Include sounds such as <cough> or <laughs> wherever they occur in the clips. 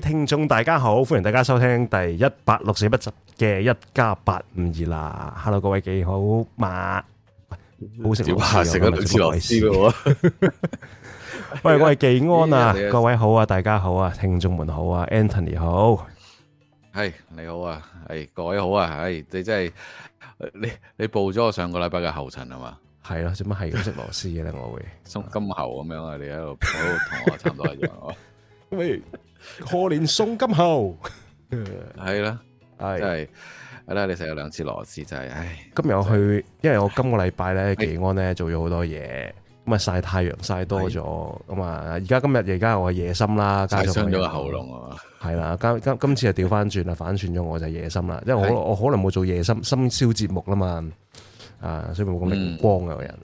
聽眾大家好，歡迎大家收聽第一百六十一集嘅一加八五二啦。Hello，各位幾好嘛，好食螺絲，食咗螺絲嘅。喂，我係紀安啊，各位好啊，大家好啊，聽眾們好啊，Anthony 好，係你好啊，係各位好啊，係你真係你你步咗我上個禮拜嘅後塵係嘛？係咯，做乜係食螺絲嘅咧？我會從今後咁樣啊，你喺度同我差唔多一樣啊，喂。賀年送金猴，係啦，係，係啦，你成日食兩次螺絲，就係，唉，今日我去，因為我今個禮拜咧，吉安咧做咗好多嘢，咁啊曬太陽曬多咗，咁啊，而家今日而家我夜深啦，加上個喉嚨啊，係啦，今今今次又調翻轉啦，反轉咗我就夜深啦，因為我我好耐冇做夜深深宵節目啦嘛，啊，所以冇咁靈光嘅個人。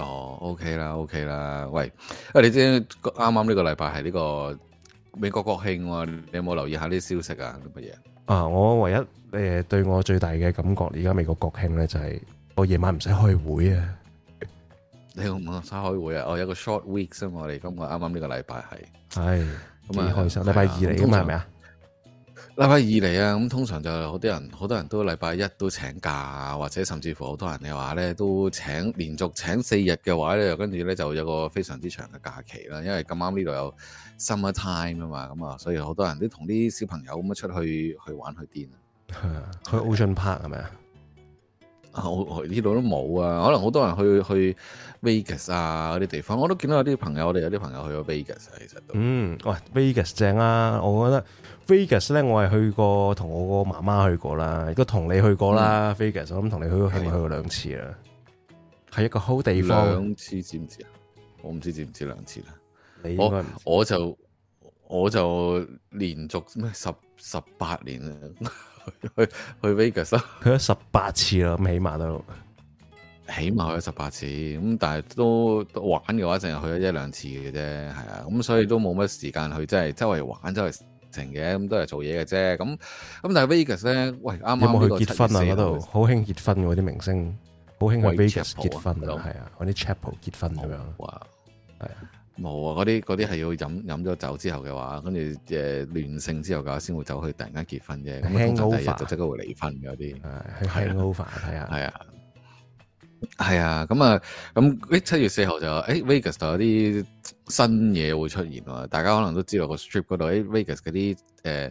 哦，OK 啦，OK 啦，喂，誒，你知啱啱呢個禮拜係呢個美國國慶喎，啊，你有冇留意下呢啲消息啊？乜嘢？啊，我唯一誒、呃、對我最大嘅感覺，而家美國國慶咧就係、是、我夜晚唔使開，開會啊！你我唔使開會啊？我有個 short weeks 啊嘛，我哋今個啱啱呢個禮拜係係幾開心，禮拜二嚟嘅係咪啊？禮拜二嚟啊，咁通常就好多人，好多人都禮拜一都請假，或者甚至乎好多人嘅話呢，都請連續請四日嘅話呢，跟住呢就有個非常之長嘅假期啦。因為咁啱呢度有 summer time 啊嘛，咁啊，所以好多人都同啲小朋友咁啊出去去玩去癲去 Ocean Park 係咪呢度都冇啊，可能好多人去去 Vegas 啊嗰啲地方，我都見到有啲朋友，我哋有啲朋友去咗 Vegas，啊、其實都嗯，喂 Vegas 正啦、啊，我覺得 Vegas 咧，我係去過，同我個媽媽去過啦，亦都同你去過啦、嗯、Vegas，我諗同你去過起碼去過兩次啊？係的一個好地方，兩次知唔知啊？我唔知知唔知兩次啦，我我就我就連續咩十十八年啊！ <laughs> <laughs> 去去 Vegas 去咗十八次啦，起碼都，起碼去咗十八次，咁但係都,都玩嘅話，淨係去咗一兩次嘅啫，係啊，咁所以都冇乜時間去，即係周圍玩周圍成嘅，咁都係做嘢嘅啫，咁咁但係 Vegas 咧，喂，啱啱去結婚啊嗰度，好興、嗯、結婚嘅啲、嗯、明星，好興去 Vegas 結婚，係啊，啲 chapel 結婚咁樣，哇 you know?，係啊。冇啊！嗰啲嗰啲係要飲飲咗酒之後嘅話，跟住誒亂性之後嘅話，先會走去突然間結婚啫。咁 Hang over, 通常第二日就即刻會離婚嘅嗰啲，係係啦，好煩，係啊，係啊，係啊。咁啊，咁七月四號就誒 Vegas 就有啲新嘢會出現喎、啊。大家可能都知道個 strip 嗰度，誒 Vegas 嗰啲誒。誒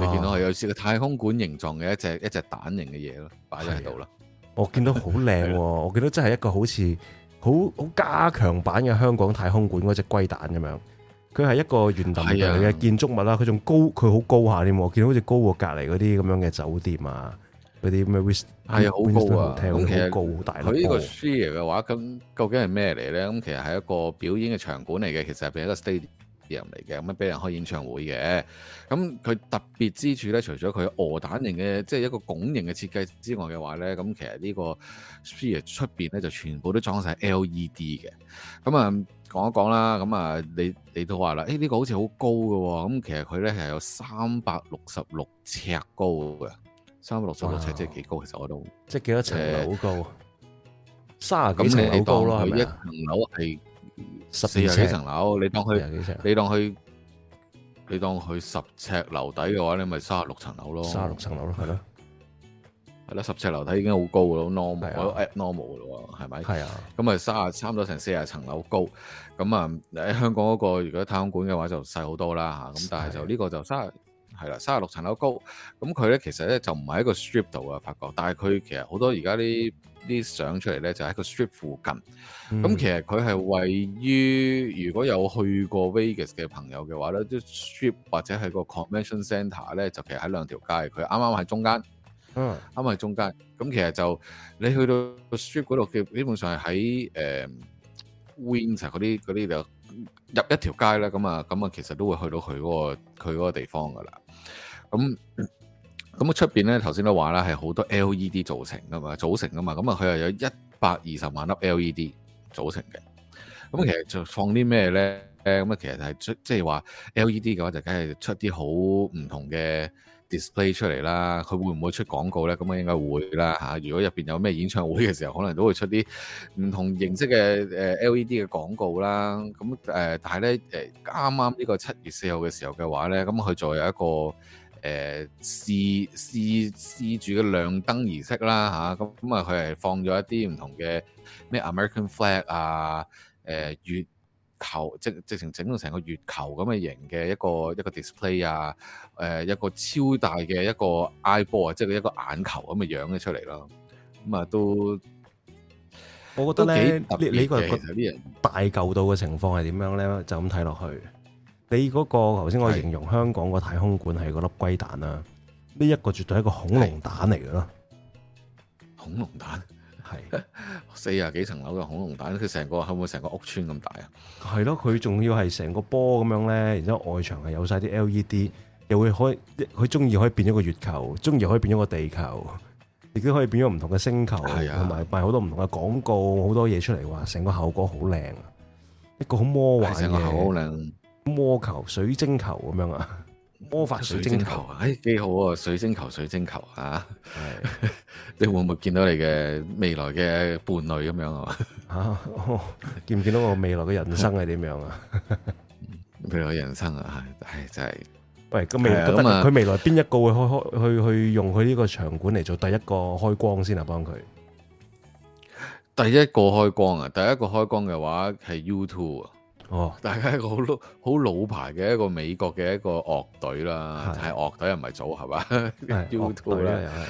你、啊、見到係有個太空館形狀嘅一隻一隻蛋形嘅嘢咯，擺咗喺度啦。我見到好靚、啊，我見到真係一個好似好好加強版嘅香港太空館嗰隻龜蛋咁樣。佢係一個圓墩墩嘅建築物啦，佢仲高，佢好高下添。我見到好似高過隔離嗰啲咁樣嘅酒店啊，嗰啲咩？啊，好 Princeton Hotel,、啊、高大、啊、咁其實好高大粒。佢呢個 Sphere 嚟嘅話，咁究竟係咩嚟咧？咁其實係一個表演嘅場館嚟嘅，其實係一個 stadium 人嚟嘅咁樣，俾人開演唱會嘅，咁佢特別之處咧，除咗佢鵝蛋型嘅，即係一個拱形嘅設計之外嘅話咧，咁其實呢個 Sphere 出邊咧就全部都裝晒 LED 嘅。咁啊，講一講啦，咁啊，你你都話啦，誒呢個好似好高嘅喎，咁其實佢咧係有三百六十六尺高嘅，三百六十六尺即係幾高？其實我都即係幾多層樓高？三啊幾層樓高咯，佢一層樓係。十四廿幾層樓，你當佢，你當佢，你當佢十尺樓底嘅話，你咪三十六層樓咯。三十六層樓咯，係咯，係咯，十尺樓底已經好高噶咯，normal，我都 at normal 噶喎。係咪？係啊。咁啊，三啊，差唔多成四廿層樓高，咁啊喺香港嗰、嗰個如果太空館嘅話就細好多啦嚇，咁、啊、但係就呢個就三係啦，三十六層樓高，咁佢咧其實咧就唔係喺個 strip 度啊。發覺，但係佢其實好多而家啲啲相出嚟咧就喺、是、個 strip 附近。咁、嗯、其實佢係位於如果有去過 Vegas 嘅朋友嘅話咧，即係 strip 或者係個 Convention Centre 咧，就其實喺兩條街，佢啱啱喺中間，啱啱喺中間。咁其實就你去到個 strip 嗰度，佢基本上係喺誒 Winter 啲嗰啲度。呃入一條街咧，咁啊，咁啊，其實都會去到佢嗰個佢嗰個地方噶啦。咁咁啊，出邊咧，頭先都話啦，係好多 LED 組成噶嘛，組成噶嘛。咁啊，佢係有一百二十萬粒 LED 組成嘅。咁啊，其實就放啲咩咧？咁啊，其實係出，即係話 LED 嘅話，就梗係出啲好唔同嘅。display 出嚟啦，佢會唔會出廣告咧？咁啊應該會啦吓，如果入邊有咩演唱會嘅時候，可能都會出啲唔同形式嘅誒 LED 嘅廣告啦。咁誒、呃、但係咧誒啱啱呢剛剛個七月四號嘅時候嘅話咧，咁佢就有一個誒試試試住嘅亮燈儀式啦吓，咁咁啊佢係放咗一啲唔同嘅咩 American flag 啊誒月呃球，即直情整到成個月球咁嘅型嘅一個一個 display 啊，誒、呃、一個超大嘅一個 eye ball 啊，即係一個眼球咁嘅樣嘅出嚟啦，咁、嗯、啊都，我覺得咧，你你、這個人啲人大舊到嘅情況係點樣咧？就咁睇落去，你嗰、那個頭先我形容香港個太空館係個粒龜蛋啊，呢一是個絕對係一個恐龍蛋嚟嘅咯，恐龍蛋。係，四廿幾層樓嘅恐龍蛋，佢成個可唔可以成個屋村咁大啊？係咯，佢仲要係成個波咁樣咧，然之後外牆係有晒啲 LED，又會可以，佢中意可以變咗個月球，中意可以變咗個地球，亦都可以變咗唔同嘅星球，係啊，有同埋扮好多唔同嘅廣告，好多嘢出嚟話，成個效果好靚啊！一個好魔幻嘅魔球，水晶球咁樣啊！魔法水晶球啊！哎，幾好啊！水晶球，水晶球啊！是 <laughs> 你會唔會見到你嘅未來嘅伴侶咁樣啊？啊、哦，見唔見到我未來嘅人生係點樣啊？ <laughs> 未來嘅人生啊，係真係。喂，咁未，佢未來邊一個會開開？去去用佢呢個場館嚟做第一個開光先啊！幫佢第一個開光啊！第一個開光嘅話係 U2 啊。哦，大家一個好老好老牌嘅一個美國嘅一個樂隊啦，係樂隊又唔係組合啊，U2 啦，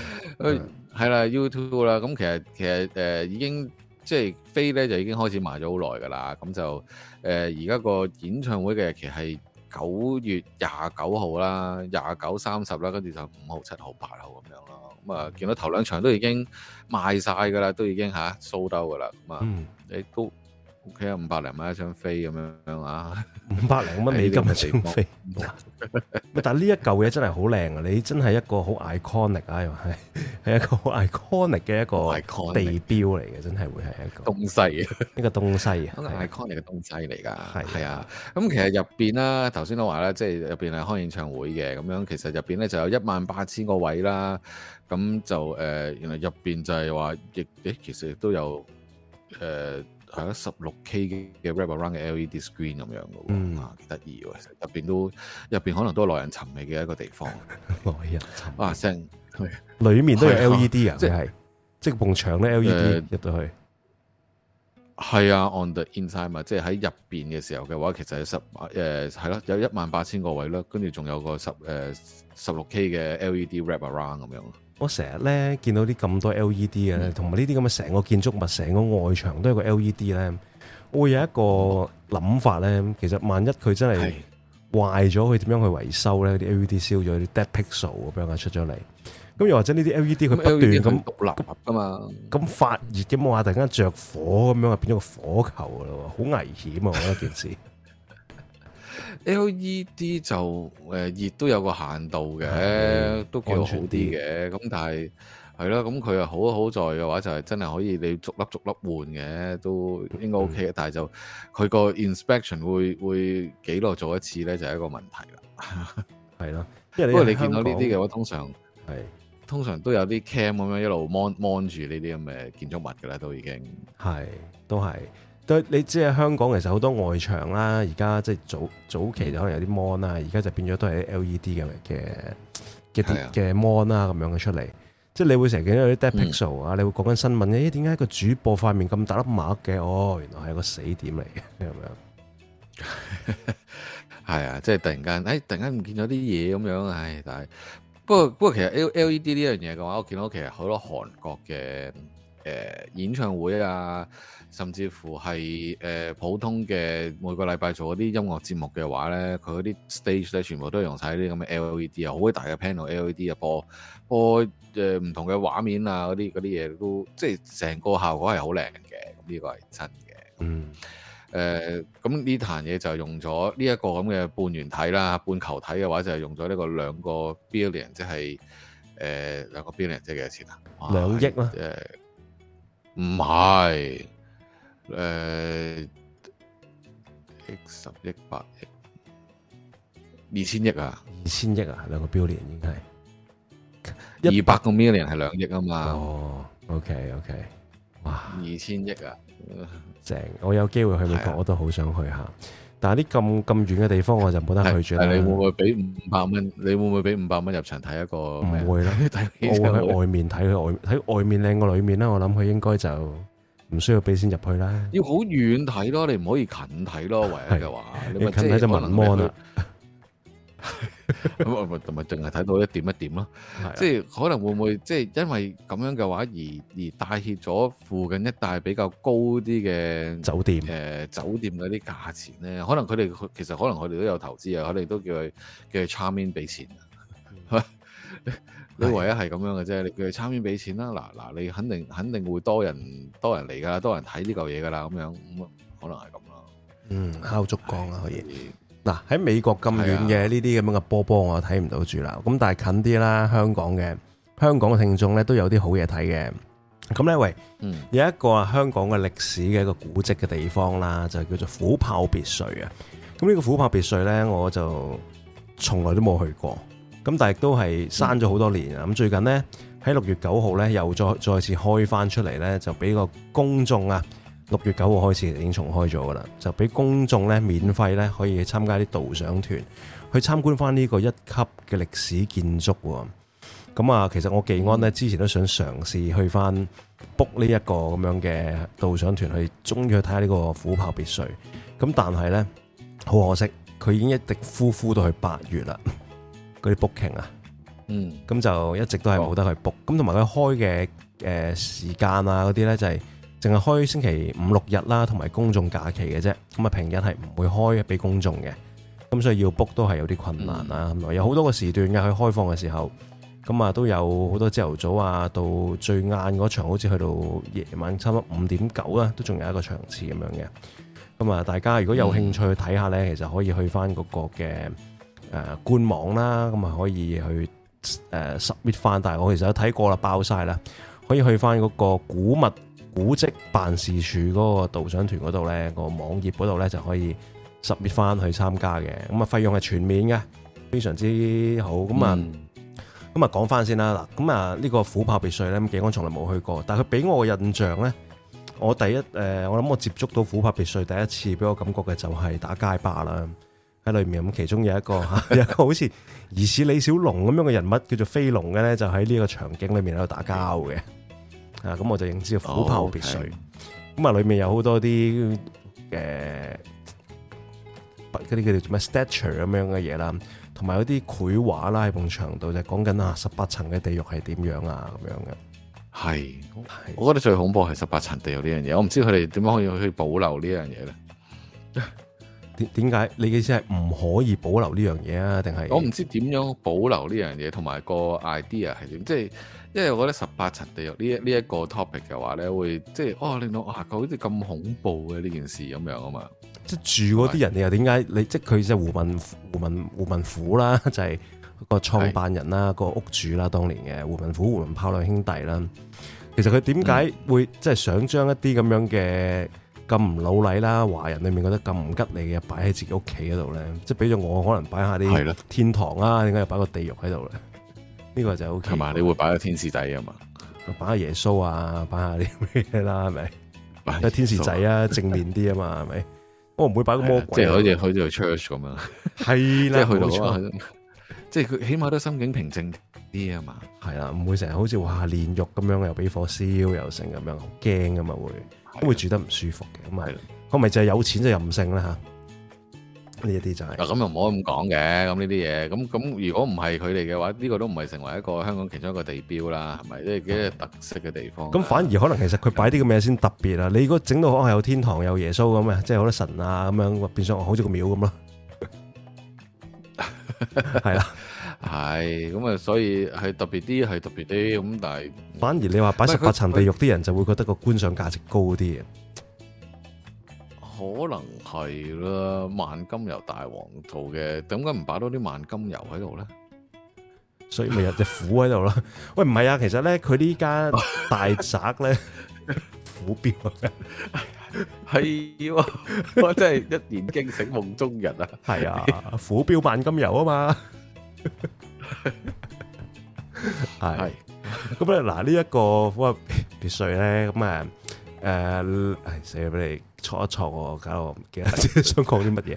係啦 U2 啦，咁、嗯、其實其實誒、呃、已經即係飛咧就已經開始賣咗好耐㗎啦，咁就誒而家個演唱會嘅日期係九月廿九號啦，廿九三十啦，跟住就五號、七號、八號咁樣咯，咁啊見到頭兩場都已經賣晒㗎啦，都已經 sold out 㗎啦，咁啊你、嗯、都～屋企有五百零蚊一張飛咁樣啊，五百零蚊美金嘅飛。喂，但係呢一嚿嘢真係好靚啊！你真係一個好 iconic 啊，係係一個 iconic 嘅一個地標嚟嘅，真係會係一,一個東西啊，一個東西啊，iconic 嘅東西嚟㗎，係係啊。咁其實入邊啦，頭先都話啦，即係入邊係開演唱會嘅咁樣，其實入邊咧就有一萬八千個位啦，咁就誒，原來入邊就係話，亦誒其實亦都有誒。呃係一十六 K 嘅 Wraparound 嘅 LED screen 咁樣嘅，嗯啊，幾得意喎！入邊都入邊可能都係耐人尋味嘅一個地方，耐 <laughs> 人尋味啊聲，裏面都有 LED 的是啊！即係是即係是埲牆咧 LED 入、呃、到去，係啊，On the inside 嘛，即係喺入邊嘅時候嘅話，其實係十誒係咯，有一萬八千個位咯，跟住仲有個十誒十六 K 嘅 LED Wraparound 咁樣。我成日咧見到啲咁多 LED 嘅，同埋呢啲咁嘅成個建築物、成個外牆都有個 LED 咧，我會有一個諗法咧。其實萬一佢真係壞咗，佢點樣去維修咧？啲 LED 燒咗啲 dead pixel，咁樣啊出咗嚟。咁又或者呢啲 LED 佢不斷咁獨立噶嘛，咁發熱嘅話，突然間著火咁樣，變咗個火球咯，好危險啊！我覺得件事。LED 就誒熱、呃、都有個限度嘅，的都幾好啲嘅。咁但係係咯，咁佢又好好在嘅話就係、是、真係可以你逐粒逐粒換嘅，都應該 OK 嘅。嗯、但係就佢個 inspection 會會幾耐做一次咧？就係、是、一個問題啦。係咯的， <laughs> 因為你香港，因為你見到呢啲嘅話，通常係的通常都有啲 cam 咁樣一路望望住呢啲咁嘅建築物㗎啦，都已經係都係。你知係香港，其實好多外牆啦，而家即係早早期就可能有啲 mon 啦，而家、嗯、就變咗都係 LED 咁嘅嘅嘅 mon 啦咁樣嘅出嚟。即係你會成日見到啲 dead pixel 啊、嗯，你會講緊新聞嘅，咦、哎？點解個主播塊面咁大粒墨嘅？哦，原來係個死點嚟，嘅，咁樣 <laughs> 啊？係啊，即係突然間，哎，突然間唔見咗啲嘢咁樣，唉。但係不過不過其實 L LED 呢樣嘢嘅話，我見到其實好多韓國嘅。誒、呃、演唱會啊，甚至乎係誒、呃、普通嘅每個禮拜做嗰啲音樂節目嘅話咧，佢嗰啲 stage 咧，全部都用曬啲咁嘅 LED 啊，好鬼大嘅 panel LED 啊，播播誒唔同嘅畫面啊，嗰啲啲嘢都即係成個效果係好靚嘅，咁、這、呢個係真嘅。嗯。誒、呃，咁呢壇嘢就用咗呢一個咁嘅半圓體啦，半球體嘅話就係用咗呢個兩個 billion，即、就、係、是、誒兩、呃、個 billion，即係幾多錢啊？兩億啦。唔係，誒、呃、十億、百億、二千億啊，二千億啊，兩個 billion 應該一 million 已經係二百個 million 係兩億啊嘛。哦，OK OK，哇，二千億啊，正！我有機會去美國，啊、我都好想去下。但係啲咁咁遠嘅地方，我就冇得去住啦。係你會唔會俾五百蚊？你會唔會俾五百蚊入場睇一個？唔會啦。我會喺外面睇佢外喺外面靚個裡面啦。我諗佢應該就唔需要俾先入去啦。要好遠睇咯，你唔可以近睇咯，唯有嘅話，的你咪近睇就文摸啦。 <laughs> 我咪同淨係睇到一點一點咯，啊、即可能會唔會即因為咁樣嘅話而而帶挈咗附近一帶比較高啲嘅酒店，呃、酒店嗰啲價錢咧，可能佢哋其實可能佢哋都有投資他們他們他們 <laughs> 啊，佢哋都叫佢叫佢 charming 俾錢，你唯一係咁樣嘅啫，你叫佢 charming 俾錢啦，嗱嗱，你肯定肯定會多人多人嚟噶，多人睇呢嚿嘢噶啦，咁樣可能係咁咯，嗯，敲竹槓啦、哎、可以。嗱，喺美國咁遠嘅呢啲咁樣嘅波波我看不到，我睇唔到住啦。咁但係近啲啦，香港嘅香港嘅聽眾咧，都有啲好嘢睇嘅。咁呢喂，嗯，有一個啊香港嘅歷史嘅一個古蹟嘅地方啦，就叫做虎豹別墅啊。咁呢個虎豹別墅呢，我就從來都冇去過。咁但係都係閂咗好多年啊。咁、嗯、最近呢，喺六月九號呢，又再再次開翻出嚟呢，就俾個公眾啊。六月九號開始已經重開咗噶啦，就俾公眾咧免費咧可以參加啲導賞團去參觀翻呢個一級嘅歷史建築，哦。咁、嗯、啊，其實我技安呢之前都想嘗試去翻 book 呢一個咁樣嘅導賞團去，終於去睇下呢個虎豹別墅。咁但係咧，好可惜，佢已經一滴呼呼到去八月啦。嗰啲 booking 啊，嗯，咁就一直都係冇得去 book。咁同埋佢開嘅誒時間啊嗰啲咧就係、是。淨係開星期五六日啦，同埋公眾假期嘅啫。咁啊，平日係唔會開俾公眾嘅。咁所以要 book 都係有啲困難啦。咁、嗯、有好多個時段嘅去開放嘅時候，咁啊都有好多朝頭早啊，到最晏嗰場好似去到夜晚差唔多五點九啦，都仲有一個場次咁樣嘅。咁啊，大家如果有興趣去睇下呢，其實可以去翻嗰個嘅誒、呃、官網啦。咁啊、呃，可以去誒 submit 翻，但係我其實都睇過啦，爆晒啦。可以去翻嗰個古物、古蹟辦事處嗰個導賞團嗰度咧，個網頁嗰度咧就可以 submit 翻去參加嘅。咁啊，費用係全免嘅，非常之好。咁啊，咁啊、嗯，講翻先啦。嗱，咁啊，呢個虎豹別墅咧，咁幾安，從來冇去過。但係佢俾我嘅印象咧，我第一誒，我諗我接觸到虎豹別墅第一次，俾我感覺嘅就係打街霸啦。喺裏面咁，其中有一個 <laughs> 有一個好似疑似李小龍咁樣嘅人物，叫做飛龍嘅咧，就喺呢個場景裏面喺度打交嘅。啊！咁、嗯、我就認知虎豹別墅，咁啊，裏面有好多啲誒，嗰、呃、啲叫做咩 stature 咁樣嘅嘢啦，同埋有啲繪畫啦喺埲牆度就講緊啊，十八層嘅地獄係點樣啊咁樣嘅。係是，係是，我覺得最恐怖係十八層地獄呢樣嘢，我唔知佢哋點樣可以去保留呢樣嘢咧。點點解？你嘅意思係唔可以保留呢樣嘢啊？定係我唔知點樣保留呢樣嘢，同埋個 idea 係點，即係。因為我覺得十八層地獄呢一呢一個 topic 嘅話咧，會即係哦令到哇佢好似咁恐怖嘅呢件事咁樣啊嘛，即係住嗰啲人又點解你即係佢即係胡文胡文胡文虎啦，就係、是、個創辦人啦，對個屋主啦，當年嘅胡文虎、胡文豹兩兄弟啦。其實佢點解會對即係想將一啲咁樣嘅咁唔老禮啦，華人裡面覺得咁唔吉利嘅擺喺自己屋企嗰度咧，即係俾咗我可能擺下啲天堂啊，點解的又擺個地獄喺度咧？呢個就係 OK，係嘛？你會擺個天使仔啊嘛？擺下耶穌啊，擺下啲咩啦，係咪？即係天使仔啊， <laughs> 正面啲啊嘛，係咪？我唔會擺個魔鬼，啊是，即係好似去， <laughs> 的去到 church 咁樣，係啦，啊，即係去到即係佢起碼都心境平靜啲啊嘛，係啦，唔會成日好似哇煉獄咁樣又俾火燒又成咁樣，好驚啊嘛會，是的會住得唔舒服嘅咁係咯，咪就係有錢就任性啦吓。嗱咁又唔好咁講嘅，咁呢啲嘢，咁咁如果唔係佢哋嘅話，呢個都唔係成為一個香港其中一個地標啦，係咪？即係幾特色嘅地方。咁反而可能其實佢擺啲咁嘅嘢先特別啊！你如果整到可能有天堂有耶穌咁嘅，即係好多神啊咁樣，變相好似個廟咁咯。係啦，係咁啊，所以係特別啲，係特別啲咁，但係反而你話擺十八層地獄啲人就會覺得個觀賞價值高啲嘅。可能係啦，萬金油大王做嘅，點解唔擺多啲萬金油喺度咧？所以咪有隻虎喺度啦。喂，唔係啊，其實咧，佢呢間大宅咧，虎標係，我真係一言驚醒夢中人啊！係啊，虎標萬金油啊嘛，係。咁咧嗱，呢一個虎豹別墅咧，咁啊。誒，死啦、呃！俾、哎、你挫一挫我，搞我唔記得呵呵想講啲乜嘢。嗱、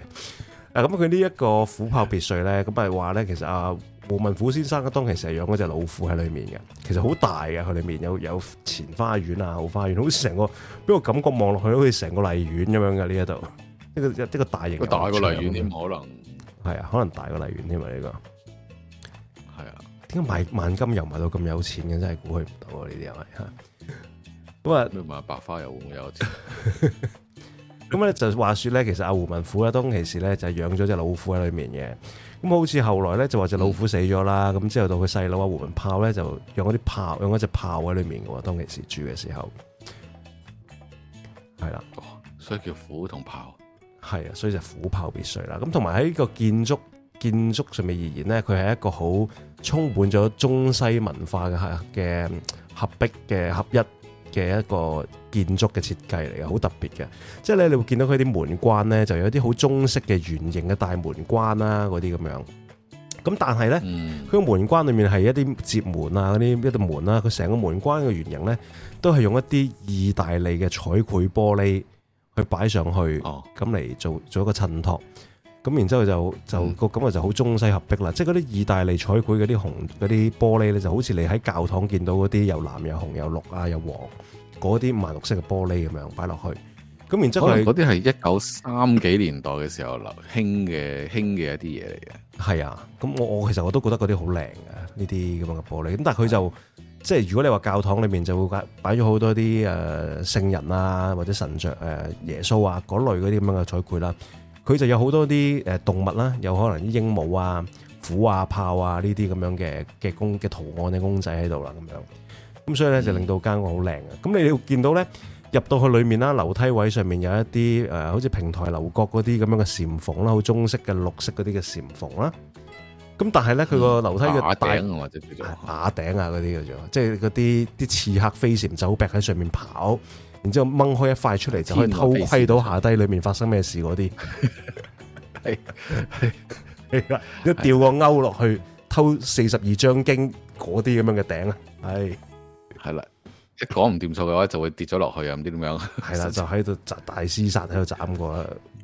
<laughs> 啊，咁佢呢一個虎豹別墅咧，咁係話咧，其實阿胡文虎先生咧，當其時係養嗰隻老虎喺裏面嘅，其實好大嘅。佢裏面有有前花園啊，後花園，好似成個，俾我感覺望落去好，好似成個荔園咁樣嘅呢一度。呢個呢個大型，大個荔園點可能？係啊，可能大個荔園添啊呢個。係啊，點解賣萬金油賣到咁有錢嘅？真係估佢唔到啊！呢啲係咁啊，咪白花又紅有。咁咧就話說咧，其實阿胡文虎咧，當其時咧就係養咗隻老虎喺裏面嘅。咁好似後來咧就話隻老虎死咗啦。咁、嗯、之後到佢細佬阿胡文豹咧就用嗰啲豹，用嗰隻豹喺裏面嘅。當其時住嘅時候係啦、哦，所以叫虎同豹係啊，所以就是虎豹別墅啦。咁同埋喺個建築建築上面而言咧，佢係一個好充滿咗中西文化嘅嘅合璧嘅合，合一。嘅一個建築嘅設計嚟嘅，好特別嘅。即係咧，你會見到佢啲門關咧，就有一啲好中式嘅圓形嘅大門關啦，嗰啲咁樣。咁但係咧，佢個門關裏面係一啲接門啊，嗰啲一度門啦。佢成個門關嘅圓形咧，都係用一啲意大利嘅彩繪玻璃去擺上去，咁嚟、哦、做做一個襯托。咁然之後就就咁啊就好中西合璧啦，嗯、即係嗰啲意大利彩繪嗰啲紅嗰啲玻璃咧，就好似你喺教堂見到嗰啲又藍又紅又綠啊又黃嗰啲五顏六色嘅玻璃咁樣擺落去。咁然之後嗰啲係一九三幾年代嘅時候流嘅興嘅一啲嘢嚟嘅。係啊，咁我我其實我都覺得嗰啲好靚啊，呢啲咁樣嘅玻璃。咁但係佢就即係如果你話教堂裏面就會擺擺咗好多啲誒聖人啊或者神像、呃、耶穌啊嗰類嗰啲咁樣嘅彩繪啦、啊。佢就有好多啲誒動物啦，有可能啲鸚鵡啊、虎啊、豹啊呢啲咁樣嘅嘅公嘅圖案嘅公仔喺度啦，咁樣咁所以咧就令到間屋好靚嘅。咁你見到咧入到去裡面啦，樓梯位上面有一啲誒，好似平台樓閣嗰啲咁樣嘅蟬鳳啦，好中式嘅綠色嗰啲嘅蟬鳳啦。咁但係咧佢個樓梯嘅頂啊，或者叫做瓦頂啊嗰啲嘅啫，即係嗰啲啲刺客飛簷走壁喺上面跑。然之後掹開一塊出嚟就可以偷窺到下低裏面發生咩事嗰啲，啊，係係，一掉個勾落去偷四十二章經嗰啲咁樣嘅頂啊！係係啦，一講唔掂數嘅話就會跌咗落去啊！唔知點樣，係啦就喺度大廝殺喺度斬過，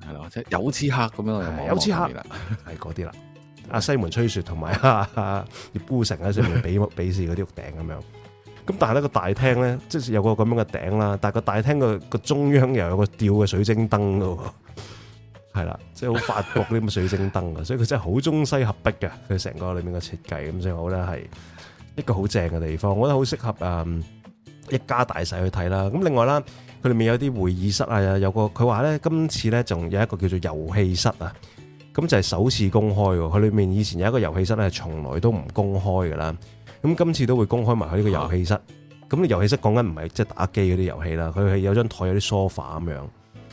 係啦即係有刺客咁樣往往，有刺客係嗰啲啦，阿、 <laughs> 啊、西門吹雪同埋阿葉孤城喺上面比 <laughs> 比試嗰啲屋頂咁樣。咁但係咧個大廳咧，即係有個咁樣嘅頂啦，但係個大廳個個中央又有個吊嘅水晶燈咯，係啦，即係好法國嗰啲咁水晶燈啊，所以佢真係好中西合璧噶，佢成個裏面嘅設計咁，所以好咧係一個好正嘅地方，我覺得好適合啊一家大細去睇啦。咁另外啦，佢裏面有啲會議室啊，有個佢話咧今次咧仲有一個叫做遊戲室啊，咁就係首次公開噶，佢裏面以前有一個遊戲室咧，係從來都唔公開噶啦。咁今次都會公開埋佢呢個遊戲室，咁個遊戲室講緊唔係即係打機嗰啲遊戲啦，佢係有張台有啲 sofa 咁樣，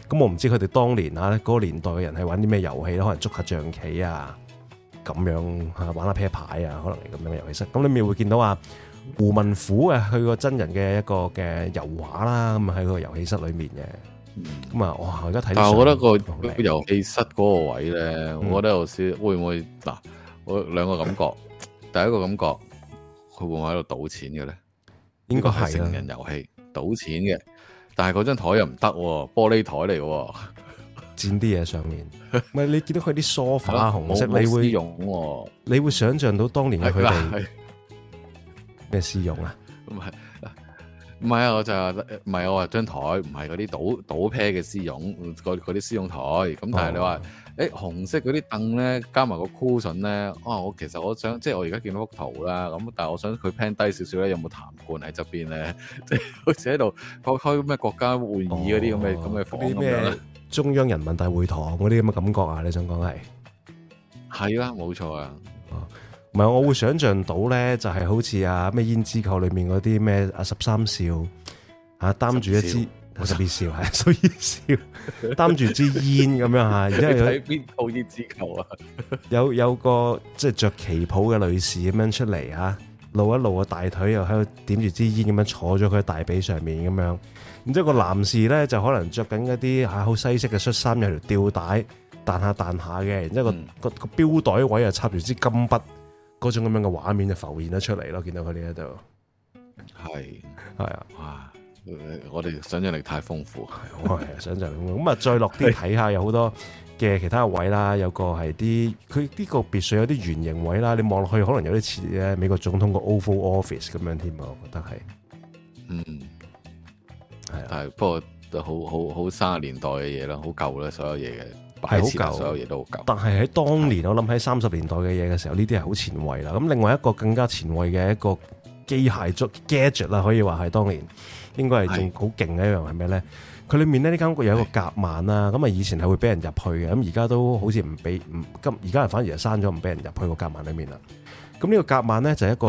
咁我唔知佢哋當年啊嗰個年代嘅人係玩啲咩遊戲啦，可能捉下象棋啊咁樣吓，玩下啤牌啊，可能係咁樣嘅遊戲室。咁裏面會見到啊胡文虎啊佢個真人嘅一個嘅油畫啦，咁喺個遊戲室裏面嘅，咁啊哇，而家睇。但係我覺得個遊戲室嗰個位咧，我覺得有時會唔會嗱，我兩個感覺，第一個感覺。佢會唔會喺度賭錢嘅咧？應該係成人遊戲賭錢嘅，但係嗰張台又唔得，玻璃台嚟嘅，剪啲嘢上面。唔係 <laughs> 你見到佢啲梳化 <laughs> 紅色， <laughs> 你會用， <laughs> 你會想象到當年嘅佢哋咩試用啦？唔係。 <laughs> 唔係啊，我就係唔係我話張枱，唔係嗰啲倒倒 pair 嘅絲絨，嗰啲絲絨枱。咁但係你話，誒、哦、紅色嗰啲凳咧，加埋個 cushion 咧，啊、哦、我其實我想，即係我而家見到幅圖啦。咁但係我想佢 plan 低少少咧，有冇痰罐喺側邊咧？即係好似喺度開開咩國家會議嗰啲咁嘅咁嘅房咁樣咧。中央人民大會堂嗰啲咁嘅感覺啊，你想講係？係啦，冇錯啊。唔係，我會想象到咧，就係、是、好似啊咩胭脂扣裏面嗰啲咩啊十三少，啊擔住一支十二少係，十二少笑擔住支煙咁樣嚇。而家睇邊套胭脂扣啊？ <laughs> 有有個即係著旗袍嘅女士咁樣出嚟嚇，露一露個大腿，又喺度點住支煙咁樣坐咗佢大髀上面咁樣。然之後個男士咧就可能着緊嗰啲嚇好西式嘅恤衫，有條吊帶彈下彈下嘅。嗯、然之後個個個標袋位又插住支金筆。嗰種咁樣嘅畫面就浮現得出嚟咯，見到佢哋喺度，係係是啊，哇，我哋想象力太豐富，我係想象力咁啊，啊 <laughs> 再落啲睇下看看是有，有好多嘅其他位啦，有個係啲，佢呢個別墅有啲圓形位啦，你望落去可能有啲似咧美國總統個 Oval Office 咁樣添啊，我覺得係，嗯，係啊是，不過好好好三十年代嘅嘢啦，好舊啦，所有嘢嘅。係好舊，所有嘢都好舊。但係喺當年，是的 我諗喺三十年代嘅嘢嘅時候，呢啲係好前衛啦。咁另外一個更加前衛嘅一個機械裝 gadget 啦，Gad get, 可以話係當年應該係仲好勁嘅一樣係咩咧？佢裏面咧呢間屋有一個夾萬啦。咁啊，是的 以前係會俾人入去嘅，咁而家都好似唔俾唔今而家反而啊閂咗，唔俾人入去個夾萬裡面呢個夾萬裏面啦。咁呢個夾萬咧就係一個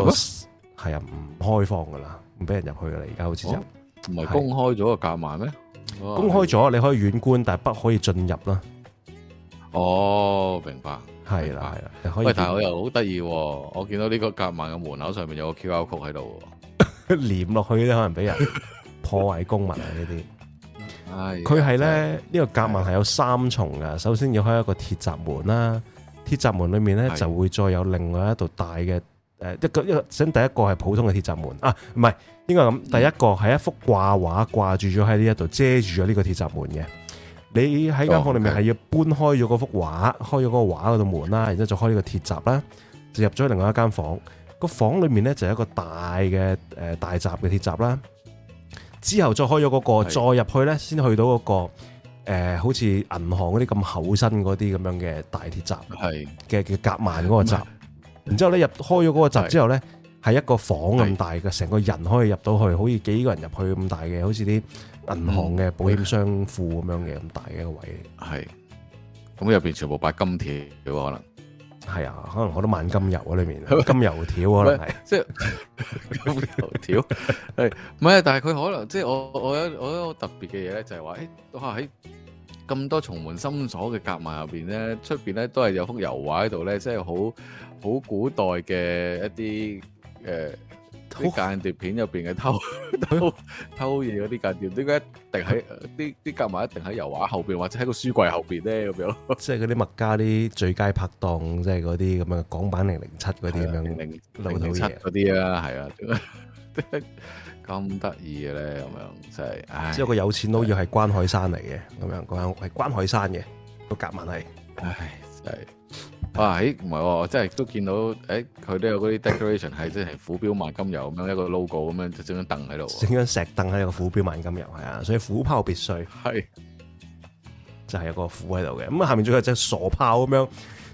係啊唔開放噶啦，唔俾人去嘅入去嘅嚟。而家好似就唔係公開咗個夾萬咩？的公開咗你可以遠觀，但係不可以進入啦。哦，明白，係啦的，係啦白。喂，可以但我又好得意，我見到呢個夾萬嘅門口上面有個 QR code 喺度， <laughs> 黏落去咧，可能俾人破壞公物啊！呢啲，佢係咧呢個夾萬係有三重噶，首先要開一個鐵閘門啦，鐵閘門裏面咧就會再有另外一道大嘅，誒的一個一個先第一個係普通嘅鐵閘門啊，唔係應該咁，第一個係、啊嗯、一,一幅掛畫掛住咗喺呢一度遮住咗呢個鐵閘門嘅。你喺間房裏面係要搬開咗嗰幅畫，是的 開咗嗰畫嗰度門啦，是的 然之後就開呢個鐵閘啦，就入咗另外一間房。個房裏面咧就係、一個大嘅誒、呃、大閘嘅鐵閘啦。之後再開咗嗰、那個，是的 再入去咧先去到嗰、那個誒、呃，好似銀行嗰啲咁厚身嗰啲咁樣嘅大鐵閘，係嘅嘅夾萬嗰個閘。是的 然後呢閘之後咧入開咗嗰個閘之後咧，係一個房咁大嘅，成是的 個人可以入到去，好似幾個人入去咁大嘅，好似啲。銀行嘅保險箱庫咁樣嘅咁大嘅一個位，係咁入邊全部擺金條可能，係啊，可能好多萬金油喺裏面，金油條可能係，即係金油條，係唔係？但係佢可能即係我我有我有個特別嘅嘢咧，就係話誒，我喺咁多重門深鎖嘅夾埋入邊咧，出邊咧都係有幅油畫喺度咧，即係好好古代嘅一啲誒。啲間諜片入邊嘅偷偷偷嘢嗰啲間諜，點解一定喺啲啲夾萬一定喺油畫後邊，或者喺個書櫃後邊咧咁樣？即係嗰啲麥嘉啲最佳拍檔，即係嗰啲咁樣港版零零七嗰啲咁樣零零七嗰啲啊，係啊，點解咁得意嘅咧，咁樣即係。之後個有錢佬要係關海山嚟嘅，咁樣講係關海山嘅，個夾萬係，唉真係。啊，唔係喎，即係、哦、都見到，誒、欸，佢都有嗰啲 decoration 係即係虎標萬金油咁樣一個 logo 咁樣，就整張凳喺度，整張石凳喺個虎標萬金油係啊，所以虎豹別墅係，是就係有個虎喺度嘅，咁、嗯、下面仲有隻傻豹咁樣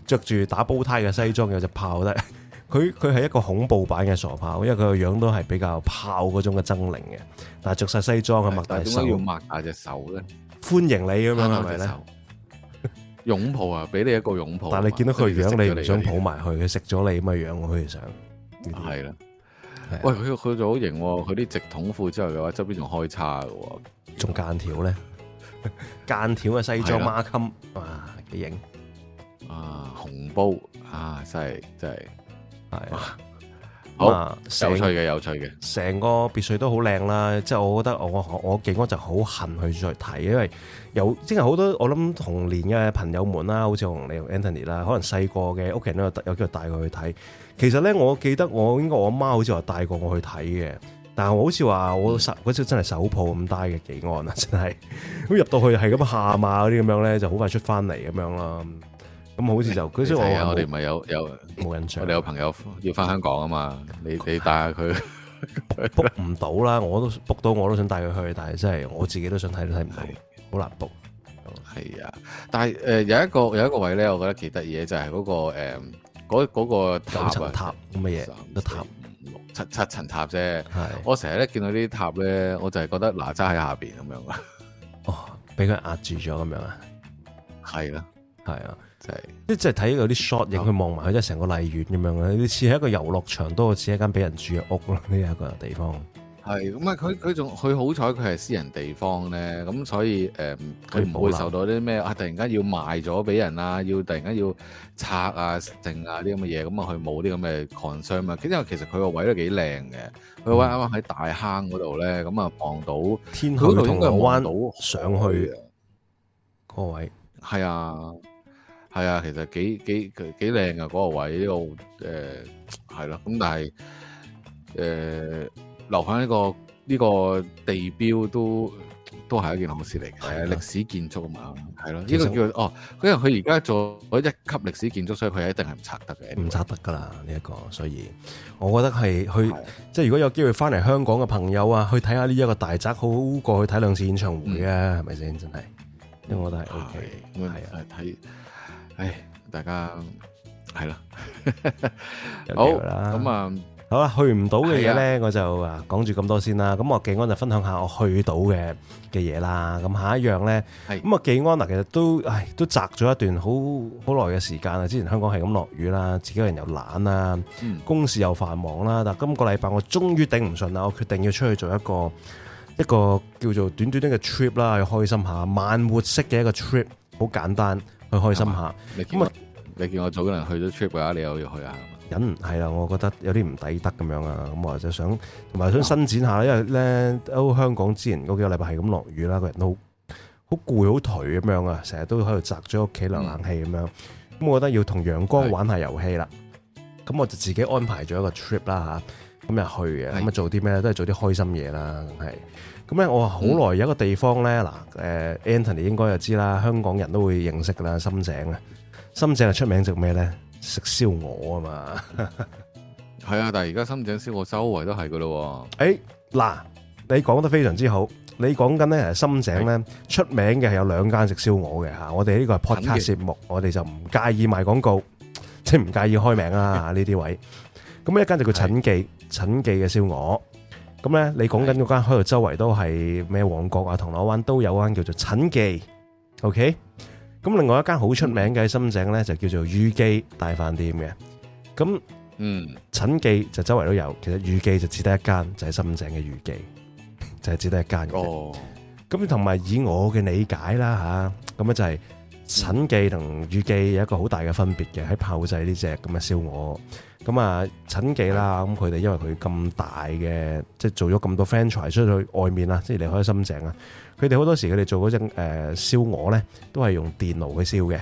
着住打煲呔嘅西裝，有隻豹。咧，佢佢係一個恐怖版嘅傻豹，因為佢個樣都係比較豹嗰種嘅猙獰嘅，但係着晒西裝嘅，擘大隻手，擘下隻手咧，歡迎你咁樣係咪咧？擁抱啊！俾你一個擁抱、啊。但係你見到佢樣，你想抱埋佢，佢食咗你咁嘅樣，我好似想。係啦的。的喂，佢佢仲好型喎、哦！佢啲直筒褲之外嘅話，側邊仲開叉嘅喎。仲間條咧？的 <laughs> 間條啊！西裝孖襟啊！幾型啊！紅煲。啊！真係真係係好、嗯、整有趣嘅，有趣嘅。成個別墅都好靚啦，即、就、係、是、我覺得我我我幾安就好恨去再睇，因為有即係好多我諗童年嘅朋友們啦，好似我同你同 Anthony 啦，可能細個嘅屋企人都有機會帶佢去睇。其實咧，我記得我應該我媽好似話帶過我去睇嘅，但係我好似話我十嗰時真係手抱咁大嘅幾安啊，真係咁入到去係咁喊啊嗰啲咁樣咧，就好快出翻嚟咁樣啦。咁、嗯、好似就佢就看我，睇我哋唔係有有冇印象？我哋有朋友要翻香港啊嘛？你你帶下佢，book 唔到啦。我都 book 到，我都想帶佢去，但係真係我自己都想睇都睇唔到，好的難 book。係啊，但係誒、呃、有一個有一個位咧，我覺得幾得意嘅就係、是、嗰、那個誒、嗯那個九層塔咁嘅嘢，塔的七七層塔啫。的我成日咧見到啲塔咧，我就係覺得哪吒喺下邊咁樣啊，哦，俾佢壓住咗咁樣啊，係啦的，係啊。是即係睇嗰啲 shot 影佢望埋，佢即係成個荔園咁樣嘅，似喺一個遊樂場，都好似一間俾人住嘅屋咯。呢、這、一個地方係咁啊！佢佢仲佢好彩，佢係私人地方咧，咁所以誒，佢、呃、唔會受到啲咩啊！突然間要賣咗俾人啊，要突然間要拆啊、拆啊啲咁嘅嘢，咁啊，佢冇啲咁嘅 concern 啊。因為其實佢個位都幾靚嘅，佢位啱啱喺大坑嗰度咧，咁啊望到天空同海灣上去個位係啊。係啊，其實幾幾幾靚啊！嗰、呃這個位又誒係咯，咁但係誒留翻呢個呢個地標都都係一件好事嚟嘅。係啊，歷史建築啊嘛。係咯、啊，呢實個叫哦，因為佢而家做一級歷史建築，所以佢一定係唔拆，拆得嘅。唔拆得噶啦，呢一個，所以我覺得係去、啊、即係如果有機會翻嚟香港嘅朋友啊，去睇下呢一個大宅，好，好過去睇兩次演唱會啊，係咪先？真係，因為我都係 OK，係啊，睇、啊。唉，大家係啦，好啦，咁啊，好啦，去唔到嘅嘢咧，我就啊講住咁多先啦。咁我紀安就分享下我去到嘅嘅嘢啦。咁下一樣咧，咁啊，紀安啊，其實都唉，都宅咗一段好好耐嘅時間啦。之前香港係咁落雨啦，自己個人又懶啦，公事又繁忙啦。但係今個禮拜我終於頂唔順啦，我決定要出去做一個一個叫做短短嘅 trip 啦，去開心下，慢活式嘅一個 trip，好簡單。去開心一下，你見我，就我早嗰陣去咗 trip 啊，你又要去一下。忍係啦，我覺得有啲唔抵得咁樣啊，咁我就想同埋想伸展一下，因為咧香港之前嗰幾個禮拜係咁落雨啦，個人都好攰好頹咁樣啊，成日都喺度宅咗屋企涼冷氣咁樣，咁我、嗯、覺得要同陽光玩下遊戲啦，咁的我就自己安排咗一個 trip 啦嚇，咁又去嘅，咁啊的做啲咩都係做啲開心嘢啦，咁咧，我話好耐有一個地方咧，嗱、嗯呃、，Anthony 應該就知啦，香港人都會認識㗎啦，深井啊，深井係出名食咩咧？食燒鵝啊嘛，係 <laughs> 啊，但係而家深井燒鵝周圍都係噶咯喎。誒嗱、欸，你講得非常之好，你講緊咧係深井咧是出名嘅係有兩間食燒鵝嘅，我哋呢個係 podcast 節定目，我哋就唔介意賣廣告，即、就、唔、是、介意開名啦、啊，呢啲 <laughs> 位。咁一間就叫陳記，是陳記嘅燒鵝。咁咧，你講緊嗰間開喺度，周圍都係咩旺角啊、銅鑼灣都有間叫做陳記，OK？咁另外一間好出名嘅喺深井咧，就叫做裕記大飯店嘅。咁嗯，陳記就周圍都有，其實裕記就只得一間，就喺深井嘅裕記，就係只得一間嘅。哦。咁同埋以我嘅理解啦嚇，咁啊就係陳記同裕記有一個好大嘅分別嘅，喺炮製呢隻咁嘅燒鵝。咁啊，陳記啦，咁佢哋因為佢咁大嘅，即係做咗咁多 franchise 去外面啦，即係離開深井啊，佢哋好多時佢哋做嗰陣誒燒鵝咧，都係用電爐去燒嘅。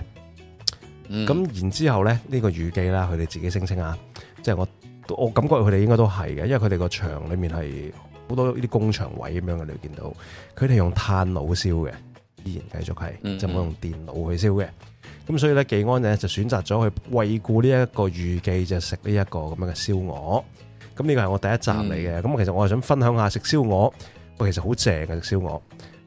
咁、嗯、然之後咧，呢、這個裕記啦，佢哋自己澄清啊，即、就、係、是、我，我感覺佢哋應該都係嘅，因為佢哋個場裡面係好多呢啲工場位咁樣嘅，你見到佢哋用炭爐燒嘅，依然繼續係、嗯、就冇用電腦去燒嘅。咁所以咧，紀安咧就選擇咗去惠顧呢一個裕記就食呢一個咁樣嘅燒鵝。咁呢個係我第一集嚟嘅。咁、嗯、其實我係想分享下食燒鵝，喂、哦，其實好正嘅食燒鵝。